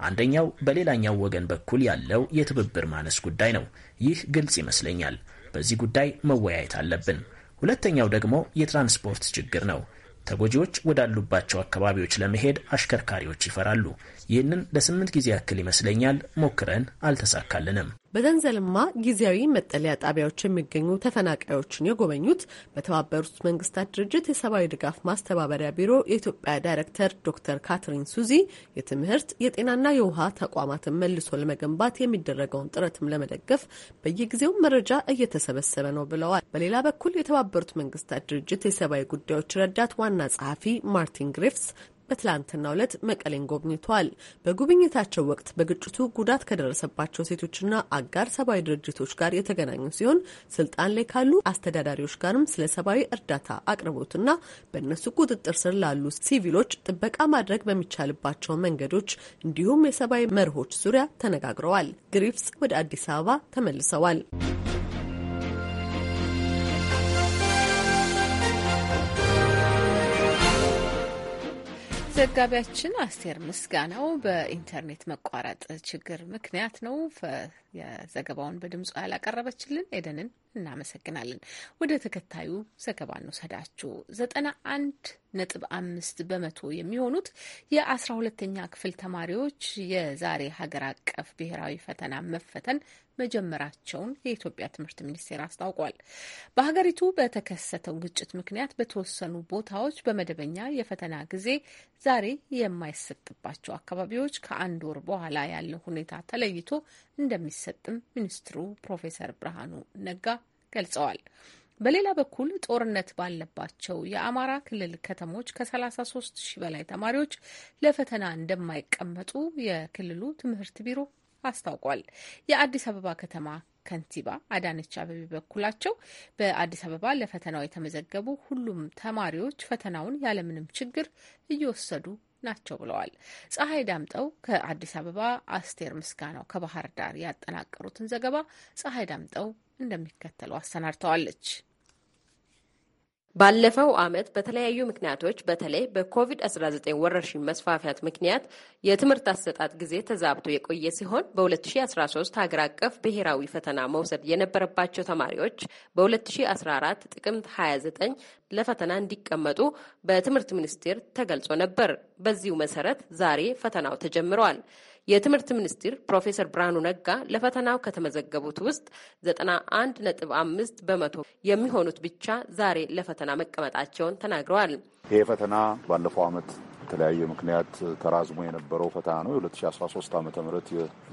አንደኛው በሌላኛው ወገን በኩል ያለው የትብብር ማነስ ጉዳይ ነው። ይህ ግልጽ ይመስለኛል። በዚህ ጉዳይ መወያየት አለብን። ሁለተኛው ደግሞ የትራንስፖርት ችግር ነው። ተጎጂዎች ወዳሉባቸው አካባቢዎች ለመሄድ አሽከርካሪዎች ይፈራሉ። ይህንን ለስምንት ጊዜ ያክል ይመስለኛል ሞክረን አልተሳካልንም። በዘንዘልማ ጊዜያዊ መጠለያ ጣቢያዎች የሚገኙ ተፈናቃዮችን የጎበኙት በተባበሩት መንግስታት ድርጅት የሰብአዊ ድጋፍ ማስተባበሪያ ቢሮ የኢትዮጵያ ዳይሬክተር ዶክተር ካትሪን ሱዚ የትምህርት የጤናና የውሃ ተቋማትን መልሶ ለመገንባት የሚደረገውን ጥረትም ለመደገፍ በየጊዜው መረጃ እየተሰበሰበ ነው ብለዋል። በሌላ በኩል የተባበሩት መንግስታት ድርጅት የሰብአዊ ጉዳዮች ረዳት ዋና ጸሐፊ ማርቲን ግሪፍስ በትላንትናው ዕለት መቀሌን ጎብኝተዋል። በጉብኝታቸው ወቅት በግጭቱ ጉዳት ከደረሰባቸው ሴቶችና አጋር ሰብአዊ ድርጅቶች ጋር የተገናኙ ሲሆን ስልጣን ላይ ካሉ አስተዳዳሪዎች ጋርም ስለ ሰብአዊ እርዳታ አቅርቦትና በእነሱ ቁጥጥር ስር ላሉ ሲቪሎች ጥበቃ ማድረግ በሚቻልባቸው መንገዶች እንዲሁም የሰብአዊ መርሆች ዙሪያ ተነጋግረዋል። ግሪፍስ ወደ አዲስ አበባ ተመልሰዋል። ዘጋቢያችን አስቴር ምስጋናው በኢንተርኔት መቋረጥ ችግር ምክንያት ነው የዘገባውን በድምፁ ያላቀረበችልን። ኤደንን እናመሰግናለን። ወደ ተከታዩ ዘገባ እንውሰዳችሁ። ዘጠና አንድ ነጥብ አምስት በመቶ የሚሆኑት የአስራ ሁለተኛ ክፍል ተማሪዎች የዛሬ ሀገር አቀፍ ብሔራዊ ፈተና መፈተን መጀመራቸውን የኢትዮጵያ ትምህርት ሚኒስቴር አስታውቋል። በሀገሪቱ በተከሰተው ግጭት ምክንያት በተወሰኑ ቦታዎች በመደበኛ የፈተና ጊዜ ዛሬ የማይሰጥባቸው አካባቢዎች ከአንድ ወር በኋላ ያለው ሁኔታ ተለይቶ እንደሚሰጥም ሚኒስትሩ ፕሮፌሰር ብርሃኑ ነጋ ገልጸዋል። በሌላ በኩል ጦርነት ባለባቸው የአማራ ክልል ከተሞች ከ33 ሺህ በላይ ተማሪዎች ለፈተና እንደማይቀመጡ የክልሉ ትምህርት ቢሮ አስታውቋል። የአዲስ አበባ ከተማ ከንቲባ አዳነች አበቤ በኩላቸው በአዲስ አበባ ለፈተናው የተመዘገቡ ሁሉም ተማሪዎች ፈተናውን ያለምንም ችግር እየወሰዱ ናቸው ብለዋል። ፀሐይ ዳምጠው ከአዲስ አበባ፣ አስቴር ምስጋናው ከባህር ዳር ያጠናቀሩትን ዘገባ ፀሐይ ዳምጠው እንደሚከተለው አሰናድተዋለች። ባለፈው ዓመት በተለያዩ ምክንያቶች በተለይ በኮቪድ-19 ወረርሽኝ መስፋፊያት ምክንያት የትምህርት አሰጣጥ ጊዜ ተዛብቶ የቆየ ሲሆን በ2013 ሀገር አቀፍ ብሔራዊ ፈተና መውሰድ የነበረባቸው ተማሪዎች በ2014 ጥቅምት 29 ለፈተና እንዲቀመጡ በትምህርት ሚኒስቴር ተገልጾ ነበር። በዚሁ መሰረት ዛሬ ፈተናው ተጀምረዋል። የትምህርት ሚኒስትር ፕሮፌሰር ብርሃኑ ነጋ ለፈተናው ከተመዘገቡት ውስጥ ዘጠና አንድ ነጥብ አምስት በመቶ የሚሆኑት ብቻ ዛሬ ለፈተና መቀመጣቸውን ተናግረዋል። ይህ ፈተና ባለፈው ዓመት የተለያየ ምክንያት ተራዝሞ የነበረው ፈተና ነው። የ2013 ዓ ም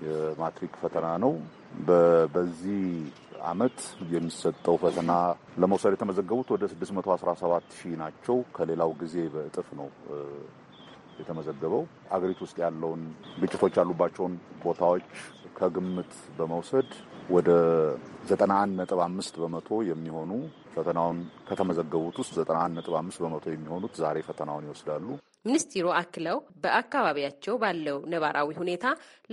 የማትሪክ ፈተና ነው። በዚህ ዓመት የሚሰጠው ፈተና ለመውሰድ የተመዘገቡት ወደ 617 ሺህ ናቸው። ከሌላው ጊዜ በእጥፍ ነው የተመዘገበው። አገሪቱ ውስጥ ያለውን ግጭቶች ያሉባቸውን ቦታዎች ከግምት በመውሰድ ወደ 91.5 በመቶ የሚሆኑ ፈተናውን ከተመዘገቡት ውስጥ 91.5 በመቶ የሚሆኑት ዛሬ ፈተናውን ይወስዳሉ። ሚኒስትሩ አክለው በአካባቢያቸው ባለው ነባራዊ ሁኔታ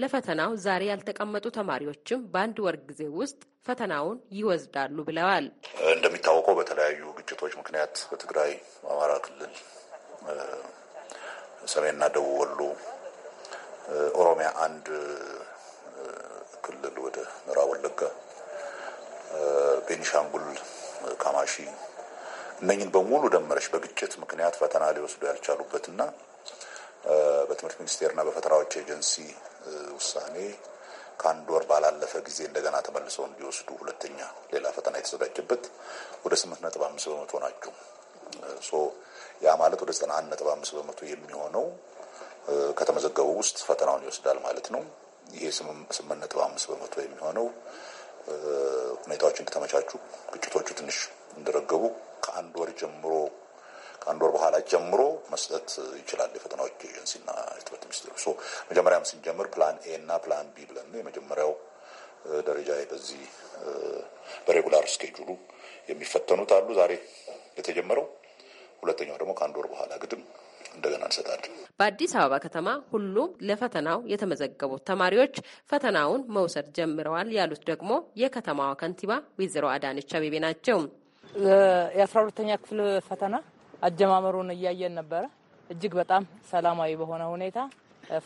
ለፈተናው ዛሬ ያልተቀመጡ ተማሪዎችም በአንድ ወር ጊዜ ውስጥ ፈተናውን ይወስዳሉ ብለዋል። እንደሚታወቀው በተለያዩ ግጭቶች ምክንያት በትግራይ፣ አማራ ክልል ሰሜንና ደቡብ ወሎ፣ ኦሮሚያ አንድ ክልል ወደ ምዕራብ ወለጋ፣ ቤኒሻንጉል ካማሺ እነኝን በሙሉ ደመረች። በግጭት ምክንያት ፈተና ሊወስዱ ያልቻሉበት እና በትምህርት ሚኒስቴርና በፈተናዎች ኤጀንሲ ውሳኔ ከአንድ ወር ባላለፈ ጊዜ እንደገና ተመልሰው እንዲወስዱ ሁለተኛ ሌላ ፈተና የተዘጋጀበት ወደ ስምንት ነጥብ አምስት በመቶ ናቸው። ያ ማለት ወደ ዘጠና ነጥብ አምስት በመቶ የሚሆነው ከተመዘገቡ ውስጥ ፈተናውን ይወስዳል ማለት ነው። ይሄ ስምንት ነጥብ አምስት በመቶ የሚሆነው ሁኔታዎች እንደተመቻቹ፣ ግጭቶቹ ትንሽ እንደረገቡ ከአንድ ወር ጀምሮ ከአንድ ወር በኋላ ጀምሮ መስጠት ይችላል። የፈተናዎች ኤጀንሲና የትምህርት ሚኒስቴሩ መጀመሪያም ስንጀምር ፕላን ኤ እና ፕላን ቢ ብለን ነው የመጀመሪያው ደረጃ በዚህ በሬጉላር ስኬጁሉ የሚፈተኑት አሉ። ዛሬ የተጀመረው ሁለተኛው ደግሞ ከአንድ ወር በኋላ ግድም እንደገና እንሰጣለን። በአዲስ አበባ ከተማ ሁሉም ለፈተናው የተመዘገቡት ተማሪዎች ፈተናውን መውሰድ ጀምረዋል ያሉት ደግሞ የከተማዋ ከንቲባ ወይዘሮ አዳነች አቤቤ ናቸው። የአስራ ሁለተኛ ክፍል ፈተና አጀማመሩን እያየን ነበረ። እጅግ በጣም ሰላማዊ በሆነ ሁኔታ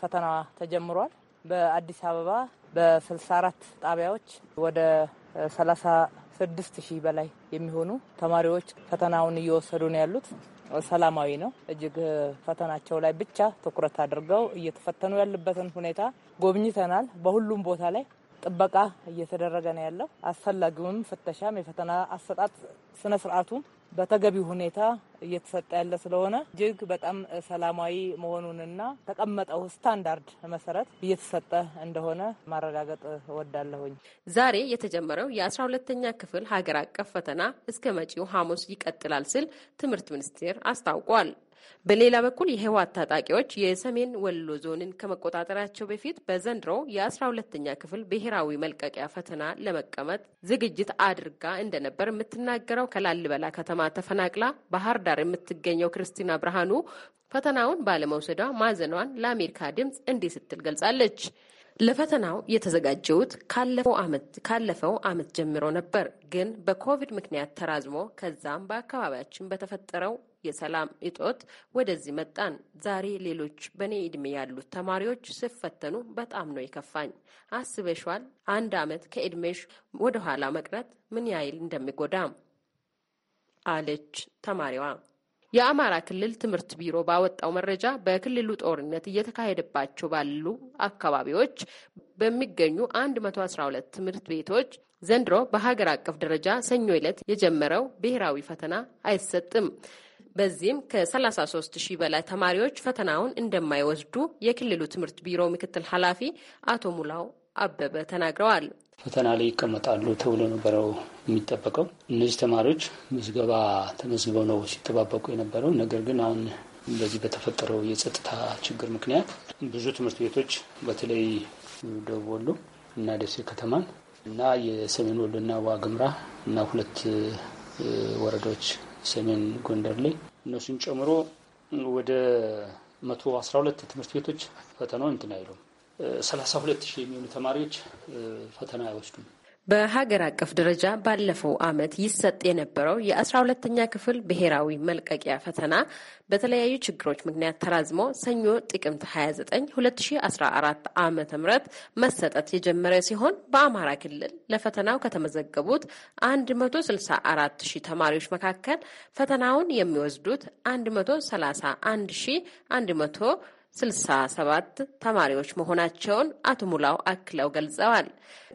ፈተና ተጀምሯል። በአዲስ አበባ በ64 ጣቢያዎች ወደ ስድስት ሺህ በላይ የሚሆኑ ተማሪዎች ፈተናውን እየወሰዱ ነው ያሉት። ሰላማዊ ነው። እጅግ ፈተናቸው ላይ ብቻ ትኩረት አድርገው እየተፈተኑ ያሉበትን ሁኔታ ጎብኝተናል። በሁሉም ቦታ ላይ ጥበቃ እየተደረገ ነው ያለው። አስፈላጊውም ፍተሻም የፈተና አሰጣጥ ስነ ስርዓቱም በተገቢ ሁኔታ እየተሰጠ ያለ ስለሆነ እጅግ በጣም ሰላማዊ መሆኑንና ተቀመጠው ስታንዳርድ መሰረት እየተሰጠ እንደሆነ ማረጋገጥ እወዳለሁኝ። ዛሬ የተጀመረው የአስራ ሁለተኛ ክፍል ሀገር አቀፍ ፈተና እስከ መጪው ሐሙስ ይቀጥላል ሲል ትምህርት ሚኒስቴር አስታውቋል። በሌላ በኩል የህወሓት ታጣቂዎች የሰሜን ወሎ ዞንን ከመቆጣጠራቸው በፊት በዘንድሮ የአስራ ሁለተኛ ክፍል ብሔራዊ መልቀቂያ ፈተና ለመቀመጥ ዝግጅት አድርጋ እንደነበር የምትናገረው ከላሊበላ ከተማ ተፈናቅላ ባህር ዳር የምትገኘው ክርስቲና ብርሃኑ ፈተናውን ባለመውሰዷ ማዘኗን ለአሜሪካ ድምፅ እንዲህ ስትል ገልጻለች። ለፈተናው የተዘጋጀሁት ካለፈው አመት ጀምሮ ነበር፣ ግን በኮቪድ ምክንያት ተራዝሞ ከዛም በአካባቢያችን በተፈጠረው የሰላም እጦት ወደዚህ መጣን። ዛሬ ሌሎች በእኔ እድሜ ያሉት ተማሪዎች ሲፈተኑ በጣም ነው የከፋኝ። አስበሽዋል? አንድ አመት ከእድሜሽ ወደኋላ መቅረት ምን ያህል እንደሚጎዳም አለች ተማሪዋ። የአማራ ክልል ትምህርት ቢሮ ባወጣው መረጃ በክልሉ ጦርነት እየተካሄደባቸው ባሉ አካባቢዎች በሚገኙ 112 ትምህርት ቤቶች ዘንድሮ በሀገር አቀፍ ደረጃ ሰኞ ዕለት የጀመረው ብሔራዊ ፈተና አይሰጥም። በዚህም ከ33 ሺህ በላይ ተማሪዎች ፈተናውን እንደማይወስዱ የክልሉ ትምህርት ቢሮ ምክትል ኃላፊ አቶ ሙላው አበበ ተናግረዋል። ፈተና ላይ ይቀመጣሉ ተብሎ ነበረው የሚጠበቀው። እነዚህ ተማሪዎች ምዝገባ ተመዝግበው ነው ሲጠባበቁ የነበረው። ነገር ግን አሁን በዚህ በተፈጠረው የጸጥታ ችግር ምክንያት ብዙ ትምህርት ቤቶች በተለይ ደቡብ ወሎ እና ደሴ ከተማን እና የሰሜን ወሎ እና ዋግምራ እና ሁለት ወረዳዎች ሰሜን ጎንደር ላይ እነሱን ጨምሮ ወደ መቶ አስራ ሁለት ትምህርት ቤቶች ፈተናው እንትን አይሉም። ሰላሳ ሁለት ሺህ የሚሆኑ ተማሪዎች ፈተና አይወስዱም። በሀገር አቀፍ ደረጃ ባለፈው ዓመት ይሰጥ የነበረው የአስራ ሁለተኛ ክፍል ብሔራዊ መልቀቂያ ፈተና በተለያዩ ችግሮች ምክንያት ተራዝሞ ሰኞ ጥቅምት 29 2014 ዓ ም መሰጠት የጀመረ ሲሆን በአማራ ክልል ለፈተናው ከተመዘገቡት 164 ሺህ ተማሪዎች መካከል ፈተናውን የሚወስዱት 131 ሺህ 100 ስልሳ ሰባት ተማሪዎች መሆናቸውን አቶ ሙላው አክለው ገልጸዋል።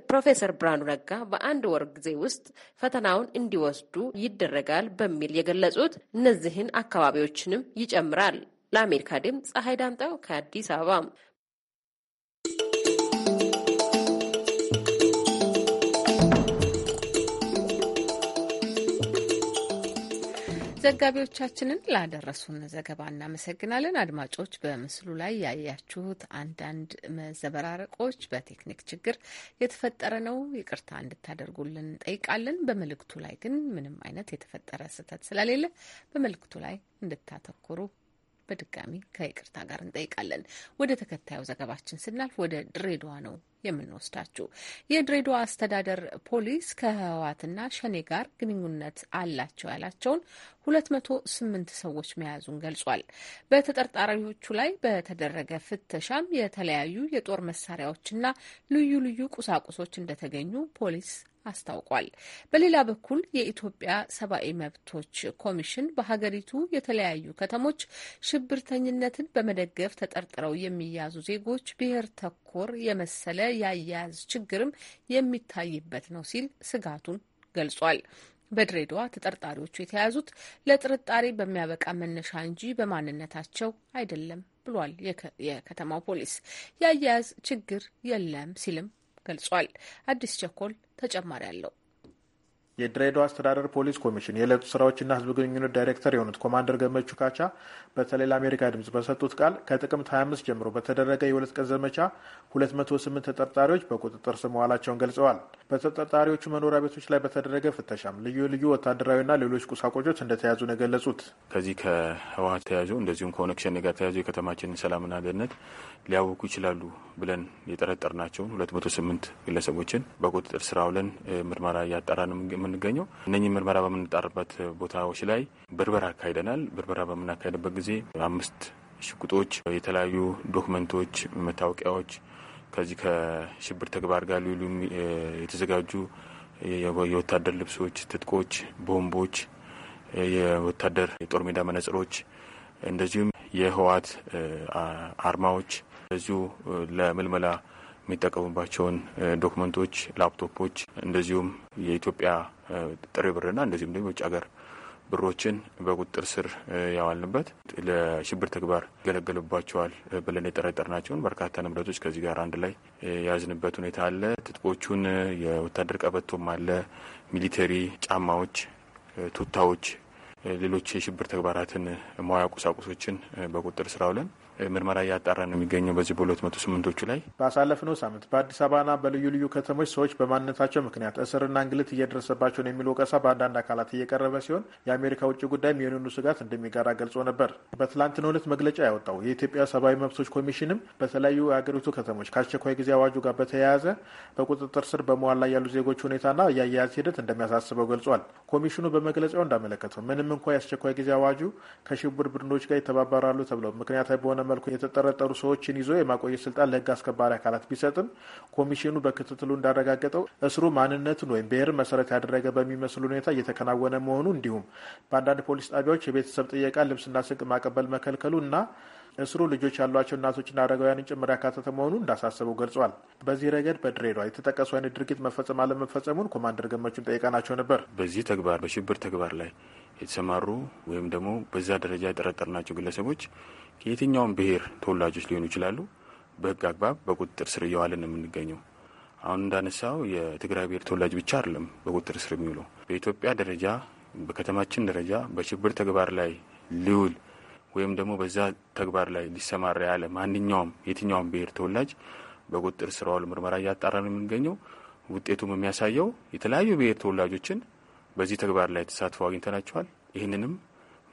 ፕሮፌሰር ብርሃኑ ነጋ በአንድ ወር ጊዜ ውስጥ ፈተናውን እንዲወስዱ ይደረጋል በሚል የገለጹት እነዚህን አካባቢዎችንም ይጨምራል። ለአሜሪካ ድምፅ ፀሐይ ዳምጠው ከአዲስ አበባ ዘጋቢዎቻችንን ላደረሱን ዘገባ እናመሰግናለን። አድማጮች፣ በምስሉ ላይ ያያችሁት አንዳንድ መዘበራረቆች በቴክኒክ ችግር የተፈጠረ ነው። ይቅርታ እንድታደርጉልን እንጠይቃለን። በመልእክቱ ላይ ግን ምንም አይነት የተፈጠረ ስህተት ስለሌለ በመልእክቱ ላይ እንድታተኩሩ በድጋሚ ከይቅርታ ጋር እንጠይቃለን። ወደ ተከታዩ ዘገባችን ስናልፍ ወደ ድሬዳዋ ነው የምንወስዳችሁ። የድሬዳዋ አስተዳደር ፖሊስ ከህወሓትና ሸኔ ጋር ግንኙነት አላቸው ያላቸውን 208 ሰዎች መያዙን ገልጿል። በተጠርጣሪዎቹ ላይ በተደረገ ፍተሻም የተለያዩ የጦር መሳሪያዎችና ልዩ ልዩ ቁሳቁሶች እንደተገኙ ፖሊስ አስታውቋል። በሌላ በኩል የኢትዮጵያ ሰብአዊ መብቶች ኮሚሽን በሀገሪቱ የተለያዩ ከተሞች ሽብርተኝነትን በመደገፍ ተጠርጥረው የሚያዙ ዜጎች ብሔር ተኮር የመሰለ የአያያዝ ችግርም የሚታይበት ነው ሲል ስጋቱን ገልጿል። በድሬዳዋ ተጠርጣሪዎቹ የተያዙት ለጥርጣሬ በሚያበቃ መነሻ እንጂ በማንነታቸው አይደለም ብሏል። የከተማው ፖሊስ የአያያዝ ችግር የለም ሲልም ገልጿል። አዲስ ቸኮል ተጨማሪ አለው። የድሬዳዋ አስተዳደር ፖሊስ ኮሚሽን የዕለቱ ስራዎችና ህዝብ ግንኙነት ዳይሬክተር የሆኑት ኮማንደር ገመቹ ካቻ በተለይ ለአሜሪካ ድምጽ በሰጡት ቃል ከጥቅምት 25 ጀምሮ በተደረገ የሁለት ቀን ዘመቻ 208 ተጠርጣሪዎች በቁጥጥር ስር መዋላቸውን ገልጸዋል። በተጠርጣሪዎቹ መኖሪያ ቤቶች ላይ በተደረገ ፍተሻም ልዩ ልዩ ወታደራዊና ሌሎች ቁሳቁሶች እንደተያዙ ነው የገለጹት። ከዚህ ከህወሀት ተያዙ እንደዚሁም ከኦነግሸኔ ጋር ተያዙ የከተማችንን ሰላምና ደህንነት ሊያወቁ ይችላሉ ብለን የጠረጠርናቸውን 208 ግለሰቦችን በቁጥጥር ስር አውለን ምርመራ እያጣራ ነው የምንገኘው። እነኚህ ምርመራ በምንጣርበት ቦታዎች ላይ ብርበራ አካሂደናል። ብርበራ በምናካሄድበት ጊዜ አምስት ሽጉጦች፣ የተለያዩ ዶክመንቶች፣ መታወቂያዎች ከዚህ ከሽብር ተግባር ጋር ሊሉ የተዘጋጁ የወታደር ልብሶች፣ ትጥቆች፣ ቦምቦች፣ የወታደር የጦር ሜዳ መነጽሮች እንደዚሁም የህወሓት አርማዎች እንደዚሁ ለምልመላ የሚጠቀሙባቸውን ዶክመንቶች፣ ላፕቶፖች እንደዚሁም የኢትዮጵያ ጥሬ ብርና እንደዚሁም ደግሞ የውጭ ሀገር ብሮችን በቁጥጥር ስር ያዋልንበት ለሽብር ተግባር ይገለገሉባቸዋል ብለን የጠረጠርናቸውን በርካታ ንብረቶች ከዚህ ጋር አንድ ላይ የያዝንበት ሁኔታ አለ። ትጥቆቹን የወታደር ቀበቶም አለ፣ ሚሊተሪ ጫማዎች፣ ቱታዎች፣ ሌሎች የሽብር ተግባራትን መዋያ ቁሳቁሶችን በቁጥጥር ስር አውለን ምርመራ እያጣራ ነው የሚገኘው። በዚህ በሁለት መቶ ስምንቶቹ ላይ ባሳለፍነው ሳምንት በአዲስ አበባና በልዩ ልዩ ከተሞች ሰዎች በማንነታቸው ምክንያት እስርና እንግልት እየደረሰባቸው ነው የሚል ወቀሳ በአንዳንድ አካላት እየቀረበ ሲሆን የአሜሪካ ውጭ ጉዳይም ይህንኑ ስጋት እንደሚጋራ ገልጾ ነበር። በትላንትናው ዕለት መግለጫ ያወጣው የኢትዮጵያ ሰብአዊ መብቶች ኮሚሽንም በተለያዩ የአገሪቱ ከተሞች ከአስቸኳይ ጊዜ አዋጁ ጋር በተያያዘ በቁጥጥር ስር በመዋል ላይ ያሉ ዜጎች ሁኔታና የአያያዝ ሂደት እንደሚያሳስበው ገልጿል። ኮሚሽኑ በመግለጫው እንዳመለከተው ምንም እንኳ የአስቸኳይ ጊዜ አዋጁ ከሽብር ቡድኖች ጋር ይተባበራሉ ተብለው ምክንያታዊ በሆነ መልኩ የተጠረጠሩ ሰዎችን ይዞ የማቆየት ስልጣን ለህግ አስከባሪ አካላት ቢሰጥም ኮሚሽኑ በክትትሉ እንዳረጋገጠው እስሩ ማንነትን ወይም ብሔር መሰረት ያደረገ በሚመስል ሁኔታ እየተከናወነ መሆኑ እንዲሁም በአንዳንድ ፖሊስ ጣቢያዎች የቤተሰብ ጥየቃ፣ ልብስና ስንቅ ማቀበል መከልከሉ እና እስሩ ልጆች ያሏቸው እናቶችና አረጋውያንን ጭምር ያካተተ መሆኑን እንዳሳሰበው ገልጿል። በዚህ ረገድ በድሬዳዋ የተጠቀሱ አይነት ድርጊት መፈጸም አለመፈጸሙን ኮማንደር ገመቹን ጠይቀናቸው ነበር። በዚህ ተግባር በሽብር ተግባር ላይ የተሰማሩ ወይም ደግሞ በዛ ደረጃ የጠረጠርናቸው ግለሰቦች ከየትኛውም ብሔር ተወላጆች ሊሆኑ ይችላሉ። በህግ አግባብ በቁጥጥር ስር እየዋለን ነው የምንገኘው። አሁን እንዳነሳው የትግራይ ብሔር ተወላጅ ብቻ አይደለም በቁጥጥር ስር የሚውለው በኢትዮጵያ ደረጃ በከተማችን ደረጃ በሽብር ተግባር ላይ ሊውል ወይም ደግሞ በዛ ተግባር ላይ ሊሰማራ ያለ ማንኛውም የትኛውም ብሔር ተወላጅ በቁጥጥር ስር ውሎ ምርመራ እያጣራ ነው የምንገኘው። ውጤቱም የሚያሳየው የተለያዩ ብሔር ተወላጆችን በዚህ ተግባር ላይ ተሳትፎ አግኝተናቸዋል። ይህንንም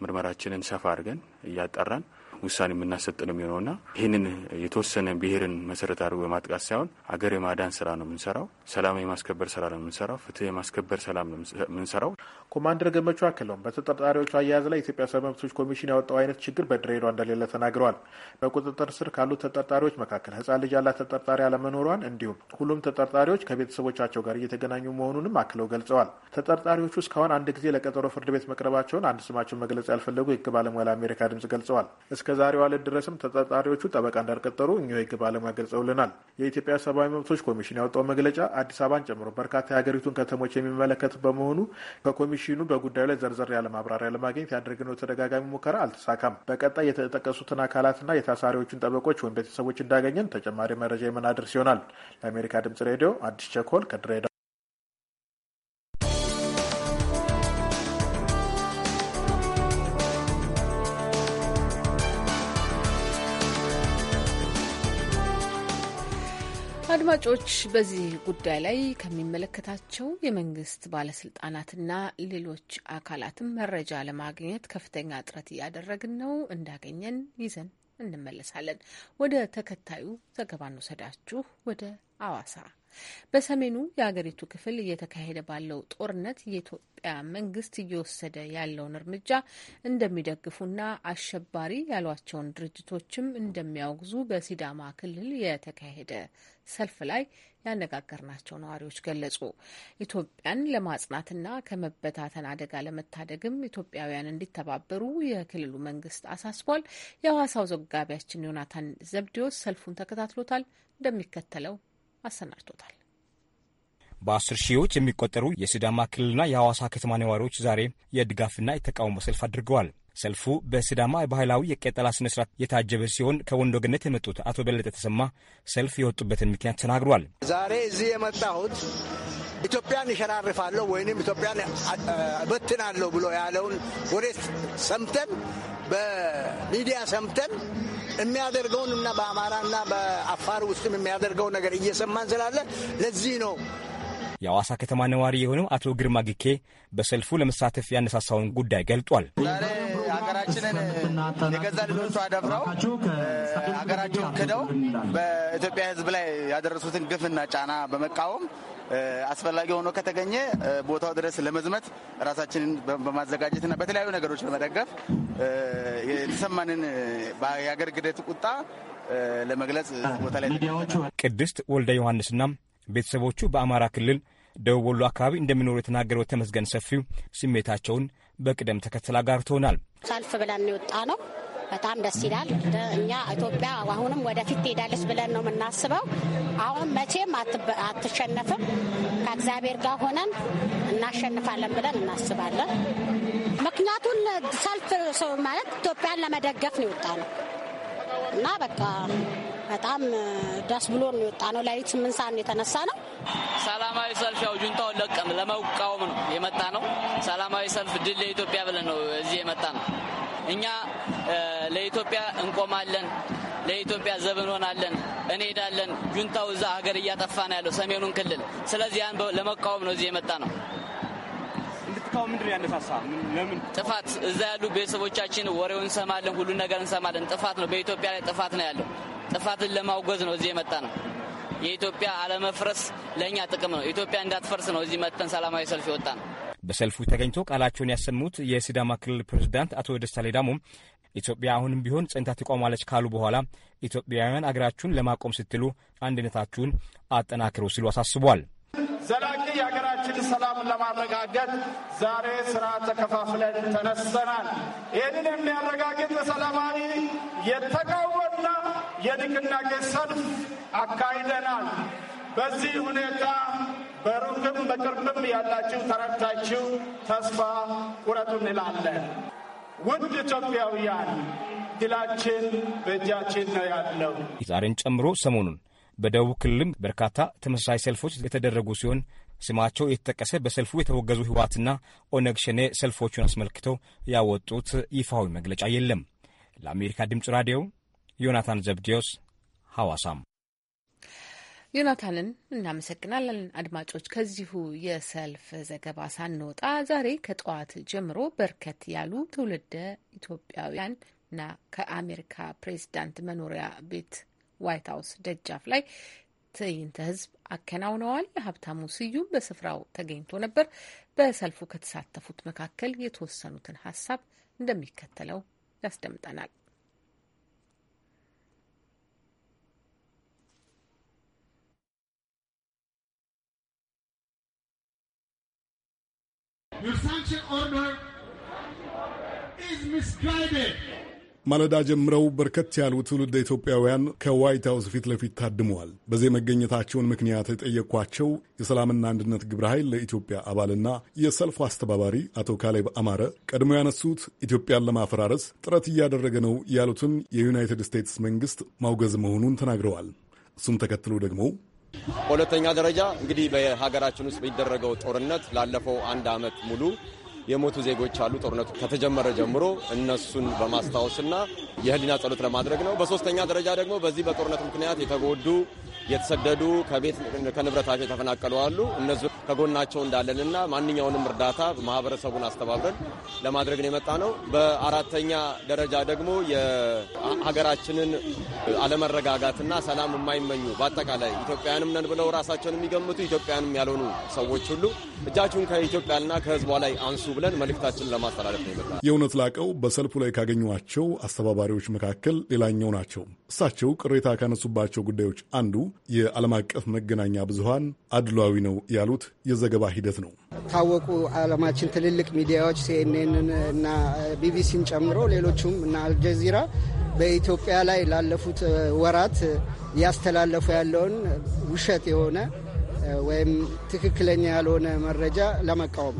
ምርመራችንን ሰፋ አድርገን እያጣራን ውሳኔ የምናሰጥ ነው የሚሆነው ና ይህንን የተወሰነ ብሔርን መሰረት አድርጎ በማጥቃት ሳይሆን አገር የማዳን ስራ ነው የምንሰራው። ሰላም የማስከበር ስራ ነው የምንሰራው። ፍትህ የማስከበር ሰላም ነው የምንሰራው። ኮማንደር ገመቹ አክለውም በተጠርጣሪዎቹ አያያዝ ላይ ኢትዮጵያ ሰብዓዊ መብቶች ኮሚሽን ያወጣው አይነት ችግር በድሬዳዋ እንደሌለ ተናግረዋል። በቁጥጥር ስር ካሉት ተጠርጣሪዎች መካከል ህጻን ልጅ ያላት ተጠርጣሪ አለመኖሯን እንዲሁም ሁሉም ተጠርጣሪዎች ከቤተሰቦቻቸው ጋር እየተገናኙ መሆኑንም አክለው ገልጸዋል። ተጠርጣሪዎቹ እስካሁን አንድ ጊዜ ለቀጠሮ ፍርድ ቤት መቅረባቸውን አንድ ስማቸውን መግለጽ ያልፈለጉ የህግ ባለሙያ ለአሜሪካ ድምጽ ገልጸዋል። እስከ ዛሬው ዕለት ድረስም ተጠርጣሪዎቹ ጠበቃ እንዳልቀጠሩ እኚሁ የህግ ባለሙያ ገልጸውልናል። የኢትዮጵያ ሰብአዊ መብቶች ኮሚሽን ያወጣው መግለጫ አዲስ አበባን ጨምሮ በርካታ የሀገሪቱን ከተሞች የሚመለከት በመሆኑ ከኮሚሽኑ በጉዳዩ ላይ ዘርዘር ያለ ማብራሪያ ለማግኘት ያደረግነው ተደጋጋሚ ሙከራ አልተሳካም። በቀጣይ የተጠቀሱትን አካላትና የታሳሪዎቹን ጠበቆች ወይም ቤተሰቦች እንዳገኘን ተጨማሪ መረጃ የምናደርስ ይሆናል። ለአሜሪካ ድምጽ ሬዲዮ አዲስ ቸኮል ከድሬዳ አድማጮች በዚህ ጉዳይ ላይ ከሚመለከታቸው የመንግስት ባለስልጣናትና ሌሎች አካላትም መረጃ ለማግኘት ከፍተኛ ጥረት እያደረግን ነው። እንዳገኘን ይዘን እንመለሳለን። ወደ ተከታዩ ዘገባ እንውሰዳችሁ። ወደ አዋሳ በሰሜኑ የአገሪቱ ክፍል እየተካሄደ ባለው ጦርነት የኢትዮጵያ መንግስት እየወሰደ ያለውን እርምጃ እንደሚደግፉና አሸባሪ ያሏቸውን ድርጅቶችም እንደሚያወግዙ በሲዳማ ክልል የተካሄደ ሰልፍ ላይ ያነጋገርናቸው ነዋሪዎች ገለጹ። ኢትዮጵያን ለማጽናትና ከመበታተን አደጋ ለመታደግም ኢትዮጵያውያን እንዲተባበሩ የክልሉ መንግስት አሳስቧል። የሐዋሳው ዘጋቢያችን ዮናታን ዘብዲዎስ ሰልፉን ተከታትሎታል፣ እንደሚከተለው አሰናድቶታል። በአስር ሺዎች የሚቆጠሩ የሲዳማ ክልልና የሐዋሳ ከተማ ነዋሪዎች ዛሬ የድጋፍና የተቃውሞ ሰልፍ አድርገዋል። ሰልፉ በስዳማ ባህላዊ የቀጠላ ስነስርዓት የታጀበ ሲሆን ከወንዶ ገነት የመጡት አቶ በለጠ ተሰማ ሰልፍ የወጡበትን ምክንያት ተናግሯል። ዛሬ እዚህ የመጣሁት ኢትዮጵያን ይሸራርፋለሁ ወይም ኢትዮጵያን እበትናለሁ ብሎ ያለውን ወሬ ሰምተን በሚዲያ ሰምተን የሚያደርገውን እና በአማራና በአፋር ውስጥም የሚያደርገውን ነገር እየሰማን ስላለ ለዚህ ነው። የአዋሳ ከተማ ነዋሪ የሆነው አቶ ግርማ ግኬ በሰልፉ ለመሳተፍ ያነሳሳውን ጉዳይ ገልጧል። ሀገራችንን የገዛ ልጆቹ አደፍረው ሀገራቸውን ክደው በኢትዮጵያ ሕዝብ ላይ ያደረሱትን ግፍና ጫና በመቃወም አስፈላጊ ሆኖ ከተገኘ ቦታው ድረስ ለመዝመት ራሳችንን በማዘጋጀትና በተለያዩ ነገሮች ለመደገፍ የተሰማንን የሀገር ግደት ቁጣ ለመግለጽ ቦታ ላይ ቅድስት ወልደ ዮሐንስና ቤተሰቦቹ በአማራ ክልል ደቡብ ወሎ አካባቢ እንደሚኖሩ የተናገረው ተመስገን ሰፊው ስሜታቸውን በቅደም ተከተል አጋርቶናል። ሰልፍ ብለን የወጣ ነው። በጣም ደስ ይላል። እኛ ኢትዮጵያ አሁንም ወደፊት ትሄዳለች ብለን ነው የምናስበው። አሁን መቼም አትሸነፍም። ከእግዚአብሔር ጋር ሆነን እናሸንፋለን ብለን እናስባለን። ምክንያቱን ሰልፍ ማለት ኢትዮጵያን ለመደገፍ ነው የወጣ ነው። እና በቃ በጣም ደስ ብሎ ነው የወጣ ነው። ለሊት ስምንት ሰዓት የተነሳ ነው። ሰላማዊ ሰልፍ ያው ጁንታውን ለቀም ለመቃወም ነው የመጣ ነው። ሰላማዊ ሰልፍ ድል ለኢትዮጵያ ብለን ነው እዚህ የመጣ ነው። እኛ ለኢትዮጵያ እንቆማለን፣ ለኢትዮጵያ ዘብ እንሆናለን፣ እንሄዳለን። ጁንታው እዛ ሀገር እያጠፋ ነው ያለው ሰሜኑን ክልል። ስለዚህ ያን ለመቃወም ነው እዚህ የመጣ ነው። ሽታው ምንድን ነው ያነሳሳ? ለምን ጥፋት? እዛ ያሉ ቤተሰቦቻችን ወሬው እንሰማለን፣ ሁሉን ነገር እንሰማለን። ጥፋት ነው፣ በኢትዮጵያ ላይ ጥፋት ነው ያለው። ጥፋትን ለማውገዝ ነው እዚህ የመጣ ነው። የኢትዮጵያ አለመፍረስ ለእኛ ጥቅም ነው። ኢትዮጵያ እንዳትፈርስ ነው እዚህ መጥተን ሰላማዊ ሰልፍ የወጣ ነው። በሰልፉ ተገኝቶ ቃላቸውን ያሰሙት የሲዳማ ክልል ፕሬዚዳንት አቶ ደስታ ሌዳሞ ኢትዮጵያ አሁንም ቢሆን ጸንታ ትቆማለች ካሉ በኋላ ኢትዮጵያውያን አገራችሁን ለማቆም ስትሉ አንድነታችሁን አጠናክሩ ሲሉ አሳስቧል። ዘላቂ የሀገራችን ሰላም ለማረጋገጥ ዛሬ ስራ ተከፋፍለን ተነስተናል። ይህንን የሚያረጋግጥ በሰላማዊ የተቃወና የንቅናቄ ሰልፍ አካሂደናል። በዚህ ሁኔታ በሩቅም በቅርብም ያላችሁ ተረድታችሁ ተስፋ ቁረጡ እንላለን። ውድ ኢትዮጵያውያን ድላችን በእጃችን ነው ያለው። ዛሬን ጨምሮ ሰሞኑን በደቡብ ክልልም በርካታ ተመሳሳይ ሰልፎች የተደረጉ ሲሆን ስማቸው የተጠቀሰ በሰልፉ የተወገዙ ህወሓትና ኦነግ ሸኔ ሰልፎቹን አስመልክተው ያወጡት ይፋዊ መግለጫ የለም። ለአሜሪካ ድምፅ ራዲዮ ዮናታን ዘብዲዮስ ሐዋሳም። ዮናታንን እናመሰግናለን። አድማጮች፣ ከዚሁ የሰልፍ ዘገባ ሳንወጣ ዛሬ ከጠዋት ጀምሮ በርከት ያሉ ትውልደ ና ከአሜሪካ ፕሬዚዳንት መኖሪያ ቤት ዋይት ሀውስ ደጃፍ ላይ ትዕይንተ ህዝብ አከናውነዋል። ሀብታሙ ስዩም በስፍራው ተገኝቶ ነበር። በሰልፉ ከተሳተፉት መካከል የተወሰኑትን ሀሳብ እንደሚከተለው ያስደምጠናል። Your sanction order is misguided. ማለዳ ጀምረው በርከት ያሉ ትውልደ ኢትዮጵያውያን ከዋይት ሀውስ ፊት ለፊት ታድመዋል። በዚህ መገኘታቸውን ምክንያት የጠየኳቸው የሰላምና አንድነት ግብረ ኃይል ለኢትዮጵያ አባልና የሰልፉ አስተባባሪ አቶ ካሌብ አማረ ቀድሞ ያነሱት ኢትዮጵያን ለማፈራረስ ጥረት እያደረገ ነው ያሉትን የዩናይትድ ስቴትስ መንግስት ማውገዝ መሆኑን ተናግረዋል። እሱም ተከትሎ ደግሞ በሁለተኛ ደረጃ እንግዲህ በሀገራችን ውስጥ በሚደረገው ጦርነት ላለፈው አንድ ዓመት ሙሉ የሞቱ ዜጎች አሉ። ጦርነቱ ከተጀመረ ጀምሮ እነሱን በማስታወስና የህሊና ጸሎት ለማድረግ ነው። በሶስተኛ ደረጃ ደግሞ በዚህ በጦርነት ምክንያት የተጎዱ የተሰደዱ ከቤት ከንብረታቸው የተፈናቀሉ አሉ። እነዚ ከጎናቸው እንዳለንና ማንኛውንም እርዳታ ማህበረሰቡን አስተባብረን ለማድረግን የመጣ ነው። በአራተኛ ደረጃ ደግሞ የሀገራችንን አለመረጋጋትና ሰላም የማይመኙ በአጠቃላይ ኢትዮጵያንም ነን ብለው ራሳቸውን የሚገምቱ ኢትዮጵያንም ያልሆኑ ሰዎች ሁሉ እጃችሁን ከኢትዮጵያና ከህዝቧ ላይ አንሱ ብለን መልእክታችንን ለማስተላለፍ ነው የመጣ የእውነት ላቀው በሰልፉ ላይ ካገኟቸው አስተባባሪዎች መካከል ሌላኛው ናቸው። እሳቸው ቅሬታ ካነሱባቸው ጉዳዮች አንዱ የዓለም አቀፍ መገናኛ ብዙሃን አድሏዊ ነው ያሉት የዘገባ ሂደት ነው። ታወቁ ዓለማችን ትልልቅ ሚዲያዎች ሲኤንኤንን እና ቢቢሲን ጨምሮ ሌሎቹም እና አልጀዚራ በኢትዮጵያ ላይ ላለፉት ወራት እያስተላለፉ ያለውን ውሸት የሆነ ወይም ትክክለኛ ያልሆነ መረጃ ለመቃወም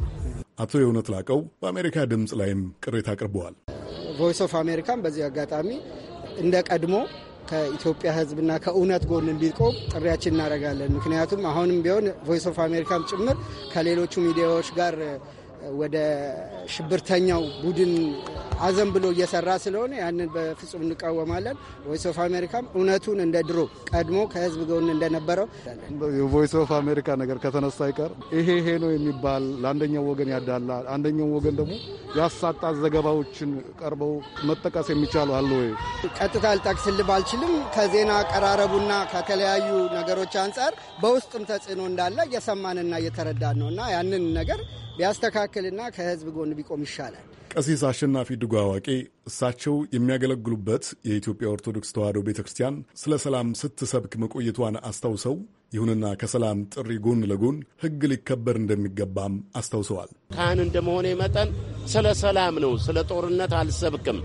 አቶ የእውነት ላቀው በአሜሪካ ድምፅ ላይም ቅሬታ አቅርበዋል። ቮይስ ኦፍ አሜሪካን በዚህ አጋጣሚ እንደ ቀድሞ ከኢትዮጵያ ሕዝብና ከእውነት ጎን እንዲቆም ጥሪያችን እናደርጋለን። ምክንያቱም አሁንም ቢሆን ቮይስ ኦፍ አሜሪካም ጭምር ከሌሎቹ ሚዲያዎች ጋር ወደ ሽብርተኛው ቡድን አዘን ብሎ እየሰራ ስለሆነ ያንን በፍጹም እንቃወማለን። ቮይስ ኦፍ አሜሪካም እውነቱን እንደ ድሮ ቀድሞ ከህዝብ ጎን እንደነበረው የቮይስ ኦፍ አሜሪካ ነገር ከተነሳ ይቀር ይሄ ይሄ ነው የሚባል ለአንደኛው ወገን ያዳላ አንደኛው ወገን ደግሞ ያሳጣ ዘገባዎችን ቀርበው መጠቀስ የሚቻሉ አለ ወይ? ቀጥታ ልጠቅስል ባልችልም ከዜና አቀራረቡና ከተለያዩ ነገሮች አንጻር በውስጥም ተጽዕኖ እንዳለ እየሰማንና እየተረዳን ነው እና ያንን ነገር ቢያስተካክልና ከህዝብ ጎን ቢቆም ይሻላል። ቀሲስ አሸናፊ ድጎ አዋቂ እሳቸው የሚያገለግሉበት የኢትዮጵያ ኦርቶዶክስ ተዋሕዶ ቤተ ክርስቲያን ስለ ሰላም ስትሰብክ መቆየቷን አስታውሰው፣ ይሁንና ከሰላም ጥሪ ጎን ለጎን ሕግ ሊከበር እንደሚገባም አስታውሰዋል። ካህን እንደመሆነ መጠን ስለ ሰላም ነው፣ ስለ ጦርነት አልሰብክም።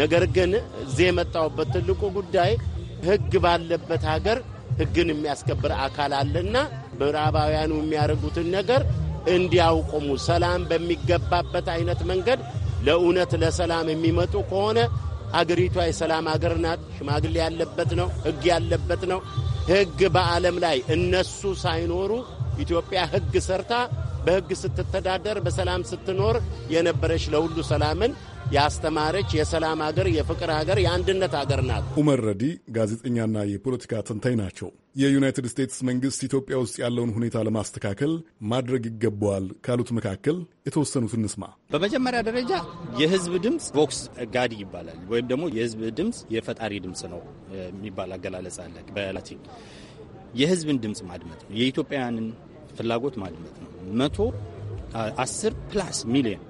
ነገር ግን እዚህ የመጣሁበት ትልቁ ጉዳይ ሕግ ባለበት ሀገር ሕግን የሚያስከብር አካል አለና ምዕራባውያኑ የሚያደርጉትን ነገር እንዲያውቁሙ ሰላም በሚገባበት አይነት መንገድ ለእውነት ለሰላም የሚመጡ ከሆነ አገሪቷ የሰላም አገር ናት። ሽማግሌ ያለበት ነው። ህግ ያለበት ነው። ህግ በዓለም ላይ እነሱ ሳይኖሩ ኢትዮጵያ ህግ ሰርታ በህግ ስትተዳደር በሰላም ስትኖር የነበረች ለሁሉ ሰላምን ያስተማረች የሰላም ሀገር፣ የፍቅር ሀገር፣ የአንድነት ሀገር ናት። ኡመር ረዲ ጋዜጠኛና የፖለቲካ ተንታኝ ናቸው። የዩናይትድ ስቴትስ መንግስት ኢትዮጵያ ውስጥ ያለውን ሁኔታ ለማስተካከል ማድረግ ይገባዋል ካሉት መካከል የተወሰኑት እንስማ። በመጀመሪያ ደረጃ የህዝብ ድምፅ ቮክስ ጋዲ ይባላል ወይም ደግሞ የህዝብ ድምፅ የፈጣሪ ድምፅ ነው የሚባል አገላለጽ አለ በላቲን። የህዝብን ድምፅ ማድመጥ ነው። የኢትዮጵያውያንን ፍላጎት ማድመጥ ነው። መቶ አስር ፕላስ ሚሊዮን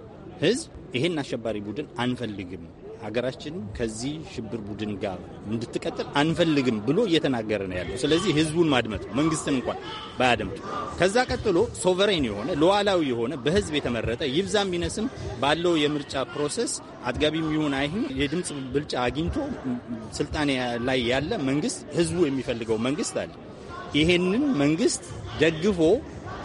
ህዝብ ይሄን አሸባሪ ቡድን አንፈልግም፣ ሀገራችን ከዚህ ሽብር ቡድን ጋር እንድትቀጥል አንፈልግም ብሎ እየተናገረ ነው ያለው። ስለዚህ ህዝቡን ማድመጥ ነው፣ መንግስትን እንኳን ባያደምጡ። ከዛ ቀጥሎ ሶቨሬን የሆነ ሉዓላዊ የሆነ በህዝብ የተመረጠ ይብዛ ቢነስም ባለው የምርጫ ፕሮሰስ አጥጋቢም ይሁን አይህም የድምፅ ብልጫ አግኝቶ ስልጣን ላይ ያለ መንግስት ህዝቡ የሚፈልገው መንግስት አለ። ይሄንን መንግስት ደግፎ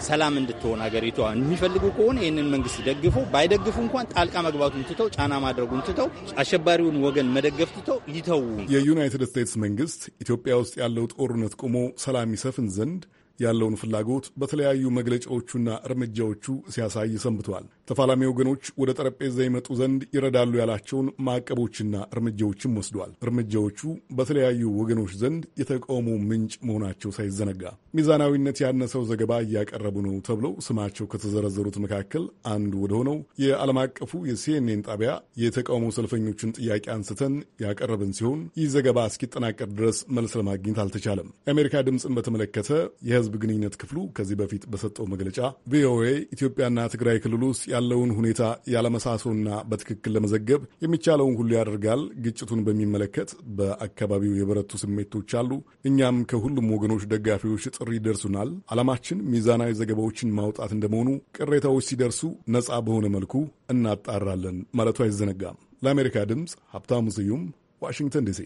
ሰላም እንድትሆን ሀገሪቷ የሚፈልጉ ከሆነ ይህንን መንግስት ደግፎ ባይደግፉ እንኳን ጣልቃ መግባቱን ትተው፣ ጫና ማድረጉን ትተው፣ አሸባሪውን ወገን መደገፍ ትተው ይተዉ። የዩናይትድ ስቴትስ መንግስት ኢትዮጵያ ውስጥ ያለው ጦርነት ቆሞ ሰላም ይሰፍን ዘንድ ያለውን ፍላጎት በተለያዩ መግለጫዎቹና እርምጃዎቹ ሲያሳይ ሰንብቷል። ተፋላሚ ወገኖች ወደ ጠረጴዛ ይመጡ ዘንድ ይረዳሉ ያላቸውን ማዕቀቦችና እርምጃዎችም ወስዷል። እርምጃዎቹ በተለያዩ ወገኖች ዘንድ የተቃውሞ ምንጭ መሆናቸው ሳይዘነጋ ሚዛናዊነት ያነሰው ዘገባ እያቀረቡ ነው ተብለው ስማቸው ከተዘረዘሩት መካከል አንዱ ወደሆነው የዓለም አቀፉ የሲኤንኤን ጣቢያ የተቃውሞ ሰልፈኞችን ጥያቄ አንስተን ያቀረብን ሲሆን ይህ ዘገባ እስኪጠናቀር ድረስ መልስ ለማግኘት አልተቻለም። የአሜሪካ ድምፅን በተመለከተ የህዝብ ግንኙነት ክፍሉ ከዚህ በፊት በሰጠው መግለጫ ቪኦኤ ኢትዮጵያና ትግራይ ክልል ውስጥ ያለውን ሁኔታ ያለመሳሰውና በትክክል ለመዘገብ የሚቻለውን ሁሉ ያደርጋል። ግጭቱን በሚመለከት በአካባቢው የበረቱ ስሜቶች አሉ። እኛም ከሁሉም ወገኖች ደጋፊዎች ጥሪ ይደርሱናል። ዓላማችን ሚዛናዊ ዘገባዎችን ማውጣት እንደመሆኑ ቅሬታዎች ሲደርሱ ነጻ በሆነ መልኩ እናጣራለን ማለቱ አይዘነጋም። ለአሜሪካ ድምፅ ሀብታሙ ስዩም ዋሽንግተን ዲሲ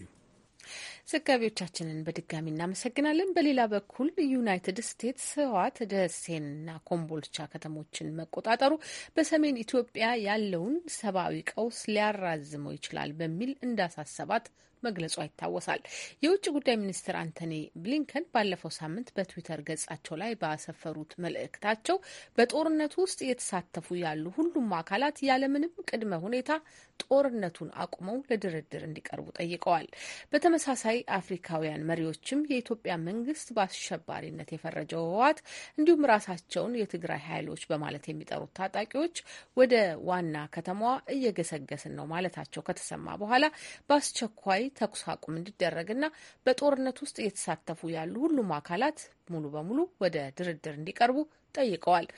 ዘጋቢዎቻችንን በድጋሚ እናመሰግናለን። በሌላ በኩል ዩናይትድ ስቴትስ ህወሓት ደሴና ኮምቦልቻ ከተሞችን መቆጣጠሩ በሰሜን ኢትዮጵያ ያለውን ሰብአዊ ቀውስ ሊያራዝመው ይችላል በሚል እንዳሳሰባት መግለጿ ይታወሳል። የውጭ ጉዳይ ሚኒስትር አንቶኒ ብሊንከን ባለፈው ሳምንት በትዊተር ገጻቸው ላይ ባሰፈሩት መልእክታቸው በጦርነቱ ውስጥ እየተሳተፉ ያሉ ሁሉም አካላት ያለምንም ቅድመ ሁኔታ ጦርነቱን አቁመው ለድርድር እንዲቀርቡ ጠይቀዋል። በተመሳሳይ አፍሪካውያን መሪዎችም የኢትዮጵያ መንግስት በአሸባሪነት የፈረጀው ህወሓት እንዲሁም ራሳቸውን የትግራይ ኃይሎች በማለት የሚጠሩት ታጣቂዎች ወደ ዋና ከተማዋ እየገሰገስን ነው ማለታቸው ከተሰማ በኋላ በአስቸኳይ ተኩስ አቁም እንዲደረግና በጦርነት ውስጥ እየተሳተፉ ያሉ ሁሉም አካላት ሙሉ በሙሉ ወደ ድርድር እንዲቀርቡ ጠይቀዋል።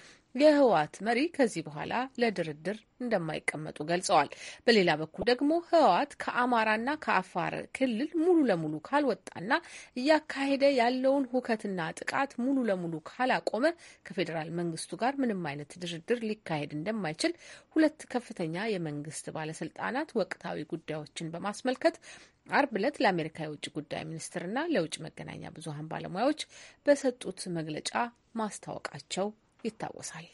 የህወሓት መሪ ከዚህ በኋላ ለድርድር እንደማይቀመጡ ገልጸዋል። በሌላ በኩል ደግሞ ህወሓት ከአማራና ከአፋር ክልል ሙሉ ለሙሉ ካልወጣና እያካሄደ ያለውን ሁከትና ጥቃት ሙሉ ለሙሉ ካላቆመ ከፌዴራል መንግስቱ ጋር ምንም አይነት ድርድር ሊካሄድ እንደማይችል ሁለት ከፍተኛ የመንግስት ባለስልጣናት ወቅታዊ ጉዳዮችን በማስመልከት አርብ ዕለት ለአሜሪካ የውጭ ጉዳይ ሚኒስትርና ለውጭ መገናኛ ብዙሀን ባለሙያዎች በሰጡት መግለጫ ማስታወቃቸው ይታወሳል።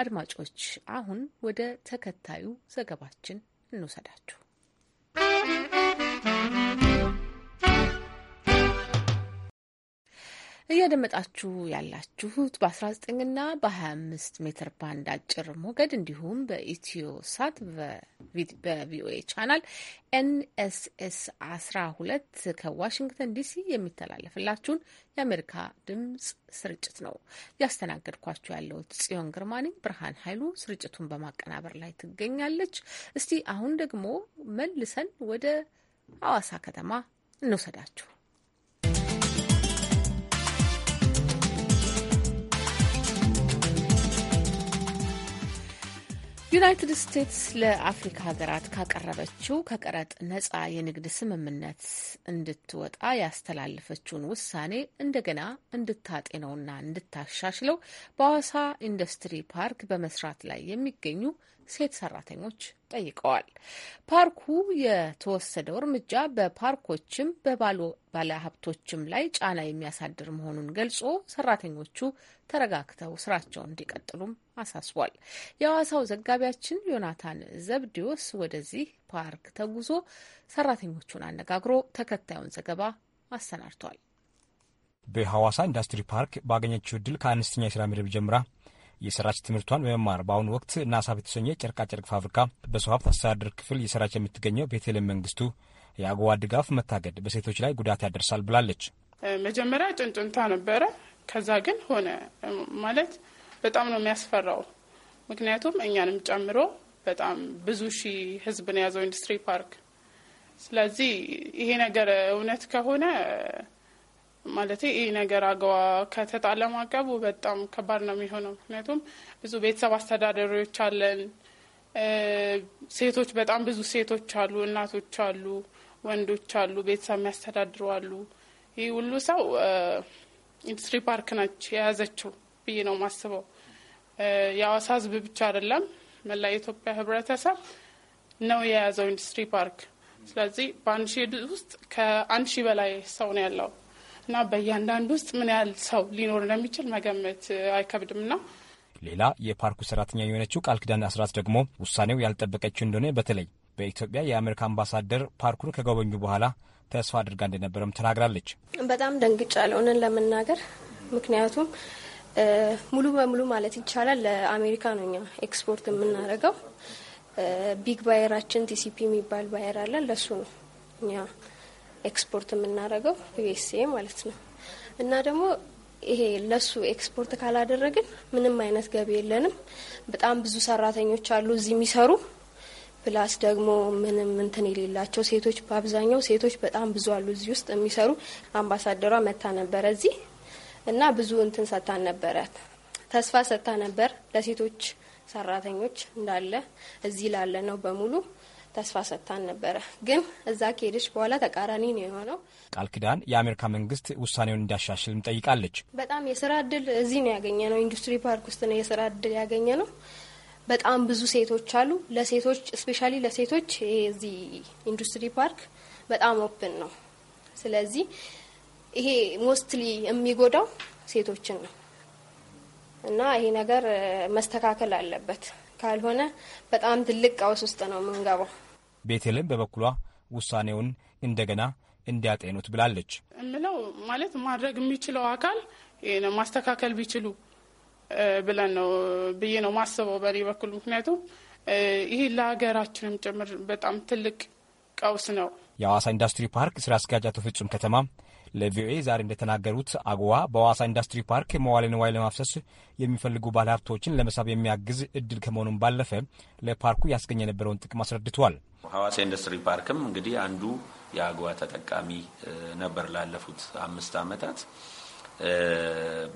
አድማጮች፣ አሁን ወደ ተከታዩ ዘገባችን እንውሰዳችሁ። እያደመጣችሁ ያላችሁት በ19 ና በ25 ሜትር ባንድ አጭር ሞገድ እንዲሁም በኢትዮ ሳት በቪኦኤ ቻናል ኤንኤስኤስ 12 ከዋሽንግተን ዲሲ የሚተላለፍላችሁን የአሜሪካ ድምጽ ስርጭት ነው። ያስተናገድኳችሁ ያለሁት ጽዮን ግርማ ነኝ። ብርሃን ኃይሉ ስርጭቱን በማቀናበር ላይ ትገኛለች። እስቲ አሁን ደግሞ መልሰን ወደ ሐዋሳ ከተማ እንውሰዳችሁ። ዩናይትድ ስቴትስ ለአፍሪካ ሀገራት ካቀረበችው ከቀረጥ ነጻ የንግድ ስምምነት እንድትወጣ ያስተላለፈችውን ውሳኔ እንደገና እንድታጤነውና እንድታሻሽለው በዋሳ ኢንዱስትሪ ፓርክ በመስራት ላይ የሚገኙ ሴት ሰራተኞች ጠይቀዋል። ፓርኩ የተወሰደው እርምጃ በፓርኮችም በባለ ላይ ጫና የሚያሳድር መሆኑን ገልጾ ሰራተኞቹ ተረጋግተው ስራቸውን እንዲቀጥሉም አሳስቧል። የሐዋሳው ዘጋቢያችን ዮናታን ዘብዲዎስ ወደዚህ ፓርክ ተጉዞ ሰራተኞቹን አነጋግሮ ተከታዩን ዘገባ አሰናድቷል። በሐዋሳ ኢንዱስትሪ ፓርክ ባገኘችው እድል ከአነስተኛ የስራ መደብ ጀምራ የሰራች ትምህርቷን በመማር በአሁኑ ወቅት ናሳ በተሰኘ ጨርቃጨርቅ ፋብሪካ በሰው ሀብት አስተዳደር ክፍል የሰራች የምትገኘው ቤተልሔም መንግስቱ የአጎዋ ድጋፍ መታገድ በሴቶች ላይ ጉዳት ያደርሳል ብላለች። መጀመሪያ ጭንጭንታ ነበረ። ከዛ ግን ሆነ ማለት በጣም ነው የሚያስፈራው። ምክንያቱም እኛንም ጨምሮ በጣም ብዙ ሺህ ህዝብን የያዘው ኢንዱስትሪ ፓርክ። ስለዚህ ይሄ ነገር እውነት ከሆነ ማለት ይህ ነገር አገዋ ከተጣለ ማዕቀቡ በጣም ከባድ ነው የሚሆነው። ምክንያቱም ብዙ ቤተሰብ አስተዳደሪዎች አለን። ሴቶች በጣም ብዙ ሴቶች አሉ፣ እናቶች አሉ፣ ወንዶች አሉ፣ ቤተሰብ የሚያስተዳድሩ አሉ። ይህ ሁሉ ሰው ኢንዱስትሪ ፓርክ ነች የያዘችው ብዬ ነው ማስበው። የአዋሳ ህዝብ ብቻ አይደለም መላ የኢትዮጵያ ህብረተሰብ ነው የያዘው ኢንዱስትሪ ፓርክ። ስለዚህ በአንድ ሺህ ውስጥ ከአንድ ሺህ በላይ ሰው ነው ያለው እና በእያንዳንዱ ውስጥ ምን ያህል ሰው ሊኖር እንደሚችል መገመት አይከብድም ና ሌላ የፓርኩ ሰራተኛ የሆነችው ቃል ኪዳን አስራት ደግሞ ውሳኔው ያልጠበቀችው እንደሆነ በተለይ በኢትዮጵያ የአሜሪካ አምባሳደር ፓርኩን ከጎበኙ በኋላ ተስፋ አድርጋ እንደነበረም ተናግራለች። በጣም ደንግጫ ለሆነን ለመናገር ምክንያቱም ሙሉ በሙሉ ማለት ይቻላል ለአሜሪካ ነው እኛ ኤክስፖርት የምናደርገው። ቢግ ባየራችን ቲሲፒ የሚባል ባየር አለ። ለሱ ነው እኛ ኤክስፖርት የምናደርገው ዩኤስኤ ማለት ነው። እና ደግሞ ይሄ ለሱ ኤክስፖርት ካላደረግን ምንም አይነት ገቢ የለንም። በጣም ብዙ ሰራተኞች አሉ እዚህ የሚሰሩ ፕላስ ደግሞ ምንም እንትን የሌላቸው ሴቶች፣ በአብዛኛው ሴቶች በጣም ብዙ አሉ እዚህ ውስጥ የሚሰሩ። አምባሳደሯ መታ ነበረ እዚህ እና ብዙ እንትን ሰታን ነበረት። ተስፋ ሰታ ነበር ለሴቶች ሰራተኞች እንዳለ እዚህ ላለ ነው በሙሉ ተስፋ ሰጥታን ነበረ። ግን እዛ ከሄደች በኋላ ተቃራኒ ነው የሆነው። ቃል ኪዳን የአሜሪካ መንግስት ውሳኔውን እንዲያሻሽልም ጠይቃለች። በጣም የስራ እድል እዚህ ነው ያገኘ ነው፣ ኢንዱስትሪ ፓርክ ውስጥ ነው የስራ እድል ያገኘ ነው። በጣም ብዙ ሴቶች አሉ። ለሴቶች ስፔሻሊ ለሴቶች እዚህ ኢንዱስትሪ ፓርክ በጣም ኦፕን ነው። ስለዚህ ይሄ ሞስትሊ የሚጎዳው ሴቶችን ነው እና ይሄ ነገር መስተካከል አለበት። ካልሆነ በጣም ትልቅ ቀውስ ውስጥ ነው የምንገባው። ቤቴልም በበኩሏ ውሳኔውን እንደገና እንዲያጤኑት ብላለች። እምለው ማለት ማድረግ የሚችለው አካል ማስተካከል ቢችሉ ብለን ነው ብዬ ነው ማስበው በኔ በኩል። ምክንያቱም ይህ ለሀገራችንም ጭምር በጣም ትልቅ ቀውስ ነው። የአዋሳ ኢንዱስትሪ ፓርክ ስራ አስኪያጅ አቶ ፍጹም ከተማ ለቪኦኤ ዛሬ እንደተናገሩት አጎዋ በሐዋሳ ኢንዱስትሪ ፓርክ መዋለ ንዋይ ለማፍሰስ የሚፈልጉ ባለሀብቶችን ለመሳብ የሚያግዝ እድል ከመሆኑም ባለፈ ለፓርኩ ያስገኘ የነበረውን ጥቅም አስረድቷል። ሐዋሳ ኢንዱስትሪ ፓርክም እንግዲህ አንዱ የአጎዋ ተጠቃሚ ነበር ላለፉት አምስት ዓመታት።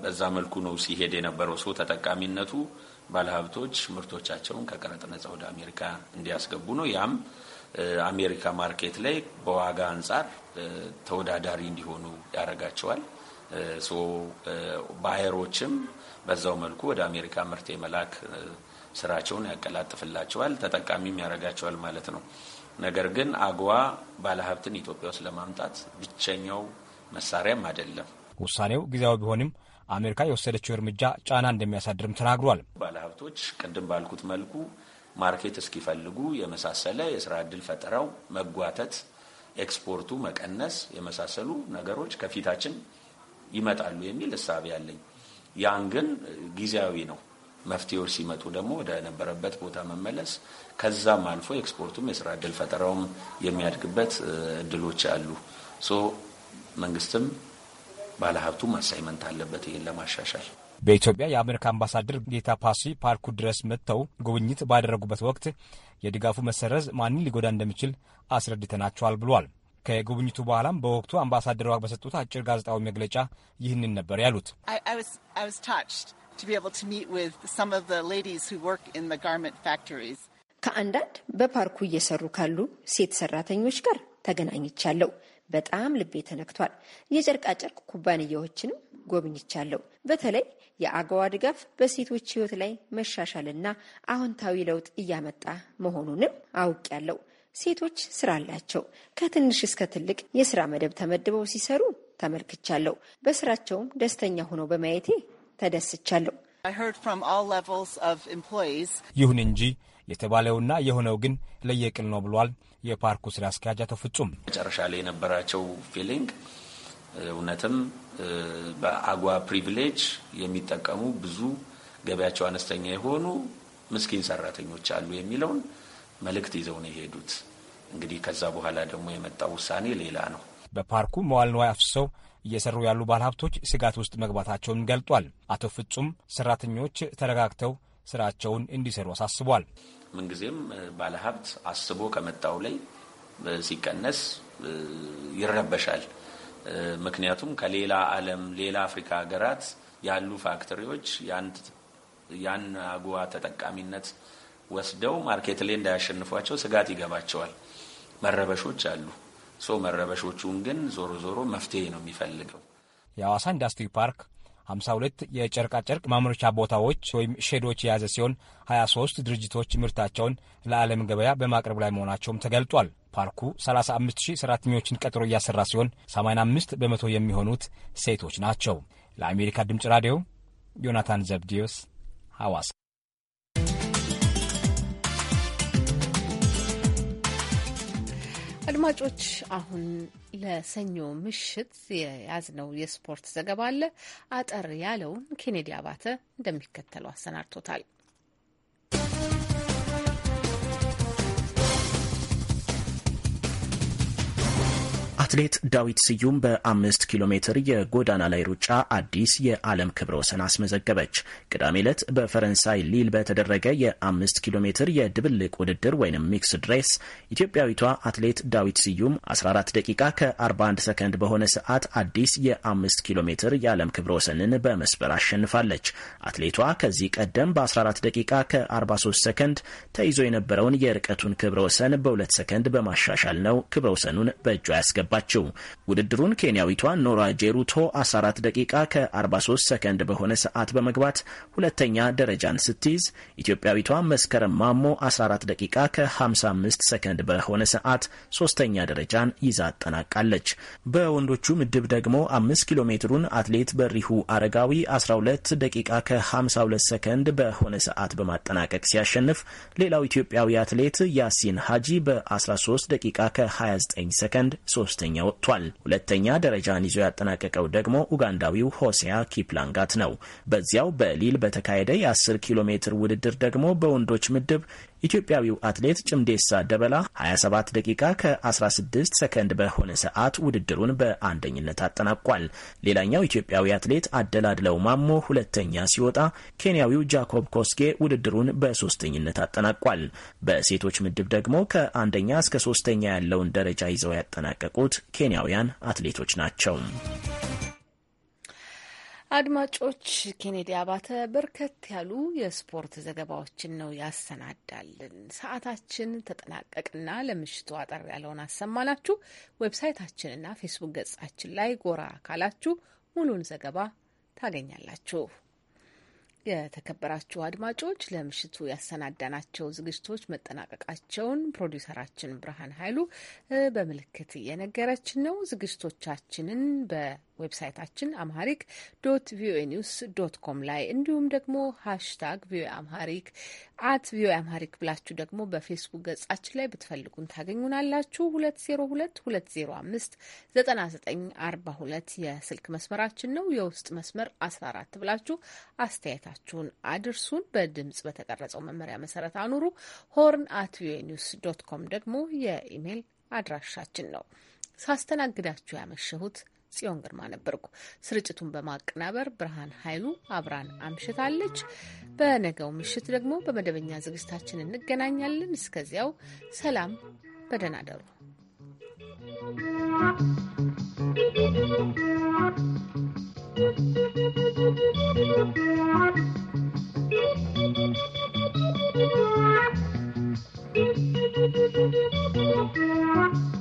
በዛ መልኩ ነው ሲሄድ የነበረው ሰው ተጠቃሚነቱ ባለሀብቶች ምርቶቻቸውን ከቀረጥ ነጻ ወደ አሜሪካ እንዲያስገቡ ነው። ያም አሜሪካ ማርኬት ላይ በዋጋ አንጻር ተወዳዳሪ እንዲሆኑ ያደርጋቸዋል። ባየሮችም በዛው መልኩ ወደ አሜሪካ ምርት የመላክ ስራቸውን ያቀላጥፍላቸዋል፣ ተጠቃሚም ያደርጋቸዋል ማለት ነው። ነገር ግን አግዋ ባለሀብትን ኢትዮጵያ ውስጥ ለማምጣት ብቸኛው መሳሪያም አይደለም። ውሳኔው ጊዜያዊ ቢሆንም አሜሪካ የወሰደችው እርምጃ ጫና እንደሚያሳድርም ተናግሯል። ባለሀብቶች ቅድም ባልኩት መልኩ ማርኬት እስኪፈልጉ የመሳሰለ የስራ እድል ፈጠራው መጓተት፣ ኤክስፖርቱ መቀነስ የመሳሰሉ ነገሮች ከፊታችን ይመጣሉ የሚል እሳቤ ያለኝ ያን ግን ጊዜያዊ ነው። መፍትሄዎች ሲመጡ ደግሞ ወደ ነበረበት ቦታ መመለስ ከዛም አልፎ ኤክስፖርቱም የስራ እድል ፈጠራውም የሚያድግበት እድሎች አሉ። ሶ መንግስትም ባለሀብቱም አሳይመንት አለበት ይሄን ለማሻሻል በኢትዮጵያ የአሜሪካ አምባሳደር ጌታ ፓሲ ፓርኩ ድረስ መጥተው ጉብኝት ባደረጉበት ወቅት የድጋፉ መሰረዝ ማንን ሊጎዳ እንደሚችል አስረድተናቸዋል ብሏል። ከጉብኝቱ በኋላም በወቅቱ አምባሳደሯ በሰጡት አጭር ጋዜጣዊ መግለጫ ይህንን ነበር ያሉት። ከአንዳንድ በፓርኩ እየሰሩ ካሉ ሴት ሰራተኞች ጋር ተገናኝቻለሁ። በጣም ልቤ ተነክቷል። የጨርቃጨርቅ ኩባንያዎችንም ጎብኝቻለሁ። በተለይ የአገዋ ድጋፍ በሴቶች ህይወት ላይ መሻሻልና አዎንታዊ ለውጥ እያመጣ መሆኑንም አውቅ ያለው ሴቶች ስራ አላቸው። ከትንሽ እስከ ትልቅ የስራ መደብ ተመድበው ሲሰሩ ተመልክቻለሁ። በስራቸውም ደስተኛ ሆነው በማየቴ ተደስቻለሁ። ይሁን እንጂ የተባለውና የሆነው ግን ለየቅል ነው ብሏል የፓርኩ ስራ አስኪያጅ አቶ ፍጹም። መጨረሻ ላይ የነበራቸው ፊሊንግ እውነትም በአጓ ፕሪቪሌጅ የሚጠቀሙ ብዙ ገበያቸው አነስተኛ የሆኑ ምስኪን ሰራተኞች አሉ የሚለውን መልእክት ይዘው ነው የሄዱት። እንግዲህ ከዛ በኋላ ደግሞ የመጣው ውሳኔ ሌላ ነው። በፓርኩ መዋል ንዋይ አፍሰው እየሰሩ ያሉ ባለሀብቶች ስጋት ውስጥ መግባታቸውን ገልጧል። አቶ ፍጹም ሰራተኞች ተረጋግተው ስራቸውን እንዲሰሩ አሳስቧል። ምንጊዜም ባለሀብት አስቦ ከመጣው ላይ ሲቀነስ ይረበሻል። ምክንያቱም ከሌላ ዓለም ሌላ አፍሪካ ሀገራት ያሉ ፋክተሪዎች ያን አጉዋ ተጠቃሚነት ወስደው ማርኬት ላይ እንዳያሸንፏቸው ስጋት ይገባቸዋል። መረበሾች አሉ። ሶ መረበሾቹን ግን ዞሮ ዞሮ መፍትሄ ነው የሚፈልገው የአዋሳ ኢንዱስትሪ ፓርክ 52 የጨርቃጨርቅ ማምረቻ ቦታዎች ወይም ሼዶች የያዘ ሲሆን 23 ድርጅቶች ምርታቸውን ለዓለም ገበያ በማቅረብ ላይ መሆናቸውም ተገልጧል። ፓርኩ 35 ሰራተኞችን ቀጥሮ እያሰራ ሲሆን 85 በመቶ የሚሆኑት ሴቶች ናቸው። ለአሜሪካ ድምፅ ራዲዮ ዮናታን ዘብዲዮስ ሐዋሳ አድማጮች አሁን ለሰኞ ምሽት የያዝነው የስፖርት ዘገባ አለ። አጠር ያለውን ኬኔዲ አባተ እንደሚከተለው አሰናድቶታል። አትሌት ዳዊት ስዩም በአምስት ኪሎ ሜትር የጎዳና ላይ ሩጫ አዲስ የዓለም ክብረ ወሰን አስመዘገበች። ቅዳሜ ዕለት በፈረንሳይ ሊል በተደረገ የአምስት ኪሎ ሜትር የድብልቅ ውድድር ወይም ሚክስ ድሬስ ኢትዮጵያዊቷ አትሌት ዳዊት ስዩም 14 ደቂቃ ከ41 ሰከንድ በሆነ ሰዓት አዲስ የአምስት ኪሎ ሜትር የዓለም ክብረ ወሰንን በመስበር አሸንፋለች። አትሌቷ ከዚህ ቀደም በ14 ደቂቃ ከ43 ሰከንድ ተይዞ የነበረውን የርቀቱን ክብረ ወሰን በሁለት ሰከንድ በማሻሻል ነው ክብረ ወሰኑን በእጇ ያስገባል። የገባችው። ውድድሩን ኬንያዊቷ ኖራ ጄሩቶ 14 ደቂቃ ከ43 ሰከንድ በሆነ ሰዓት በመግባት ሁለተኛ ደረጃን ስትይዝ ኢትዮጵያዊቷ መስከረም ማሞ 14 ደቂቃ ከ55 ሰከንድ በሆነ ሰዓት ሶስተኛ ደረጃን ይዛ አጠናቃለች። በወንዶቹ ምድብ ደግሞ 5 ኪሎ ሜትሩን አትሌት በሪሁ አረጋዊ 12 ደቂቃ ከ52 ሰከንድ በሆነ ሰዓት በማጠናቀቅ ሲያሸንፍ፣ ሌላው ኢትዮጵያዊ አትሌት ያሲን ሀጂ በ13 ደቂቃ ከ29 ሰከንድ ሶስተኛ አንደኛ ወጥቷል። ሁለተኛ ደረጃን ይዞ ያጠናቀቀው ደግሞ ኡጋንዳዊው ሆሴያ ኪፕላንጋት ነው። በዚያው በሊል በተካሄደ የ10 ኪሎ ሜትር ውድድር ደግሞ በወንዶች ምድብ ኢትዮጵያዊው አትሌት ጭምዴሳ ደበላ 27 ደቂቃ ከ16 ሰከንድ በሆነ ሰዓት ውድድሩን በአንደኝነት አጠናቋል። ሌላኛው ኢትዮጵያዊ አትሌት አደላድለው ማሞ ሁለተኛ ሲወጣ፣ ኬንያዊው ጃኮብ ኮስጌ ውድድሩን በሶስተኝነት አጠናቋል። በሴቶች ምድብ ደግሞ ከአንደኛ እስከ ሶስተኛ ያለውን ደረጃ ይዘው ያጠናቀቁት ኬንያውያን አትሌቶች ናቸው። አድማጮች፣ ኬኔዲ አባተ በርከት ያሉ የስፖርት ዘገባዎችን ነው ያሰናዳልን። ሰዓታችን ተጠናቀቅና ለምሽቱ አጠር ያለውን አሰማናችሁ። ዌብሳይታችንና ፌስቡክ ገጻችን ላይ ጎራ ካላችሁ ሙሉን ዘገባ ታገኛላችሁ። የተከበራችሁ አድማጮች ለምሽቱ ያሰናዳናቸው ዝግጅቶች መጠናቀቃቸውን ፕሮዲውሰራችን ብርሃን ኃይሉ በምልክት እየነገረችን ነው። ዝግጅቶቻችንን በ ዌብሳይታችን አምሃሪክ ዶት ቪኦኤ ኒውስ ዶት ኮም ላይ እንዲሁም ደግሞ ሃሽታግ ቪኦኤ አምሃሪክ አት ቪኦኤ አምሃሪክ ብላችሁ ደግሞ በፌስቡክ ገጻችን ላይ ብትፈልጉን ታገኙናላችሁ። ሁለት ዜሮ ሁለት ሁለት ዜሮ አምስት ዘጠና ዘጠኝ አርባ ሁለት የስልክ መስመራችን ነው። የውስጥ መስመር አስራ አራት ብላችሁ አስተያየታችሁን አድርሱን። በድምጽ በተቀረጸው መመሪያ መሰረት አኑሩ። ሆርን አት ቪኦኤ ኒውስ ዶት ኮም ደግሞ የኢሜይል አድራሻችን ነው። ሳስተናግዳችሁ ያመሸሁት ጽዮን ግርማ ነበርኩ። ስርጭቱን በማቀናበር ብርሃን ኃይሉ አብራን አምሽታለች። በነገው ምሽት ደግሞ በመደበኛ ዝግጅታችን እንገናኛለን። እስከዚያው ሰላም፣ በደህና ደሩ። Thank you.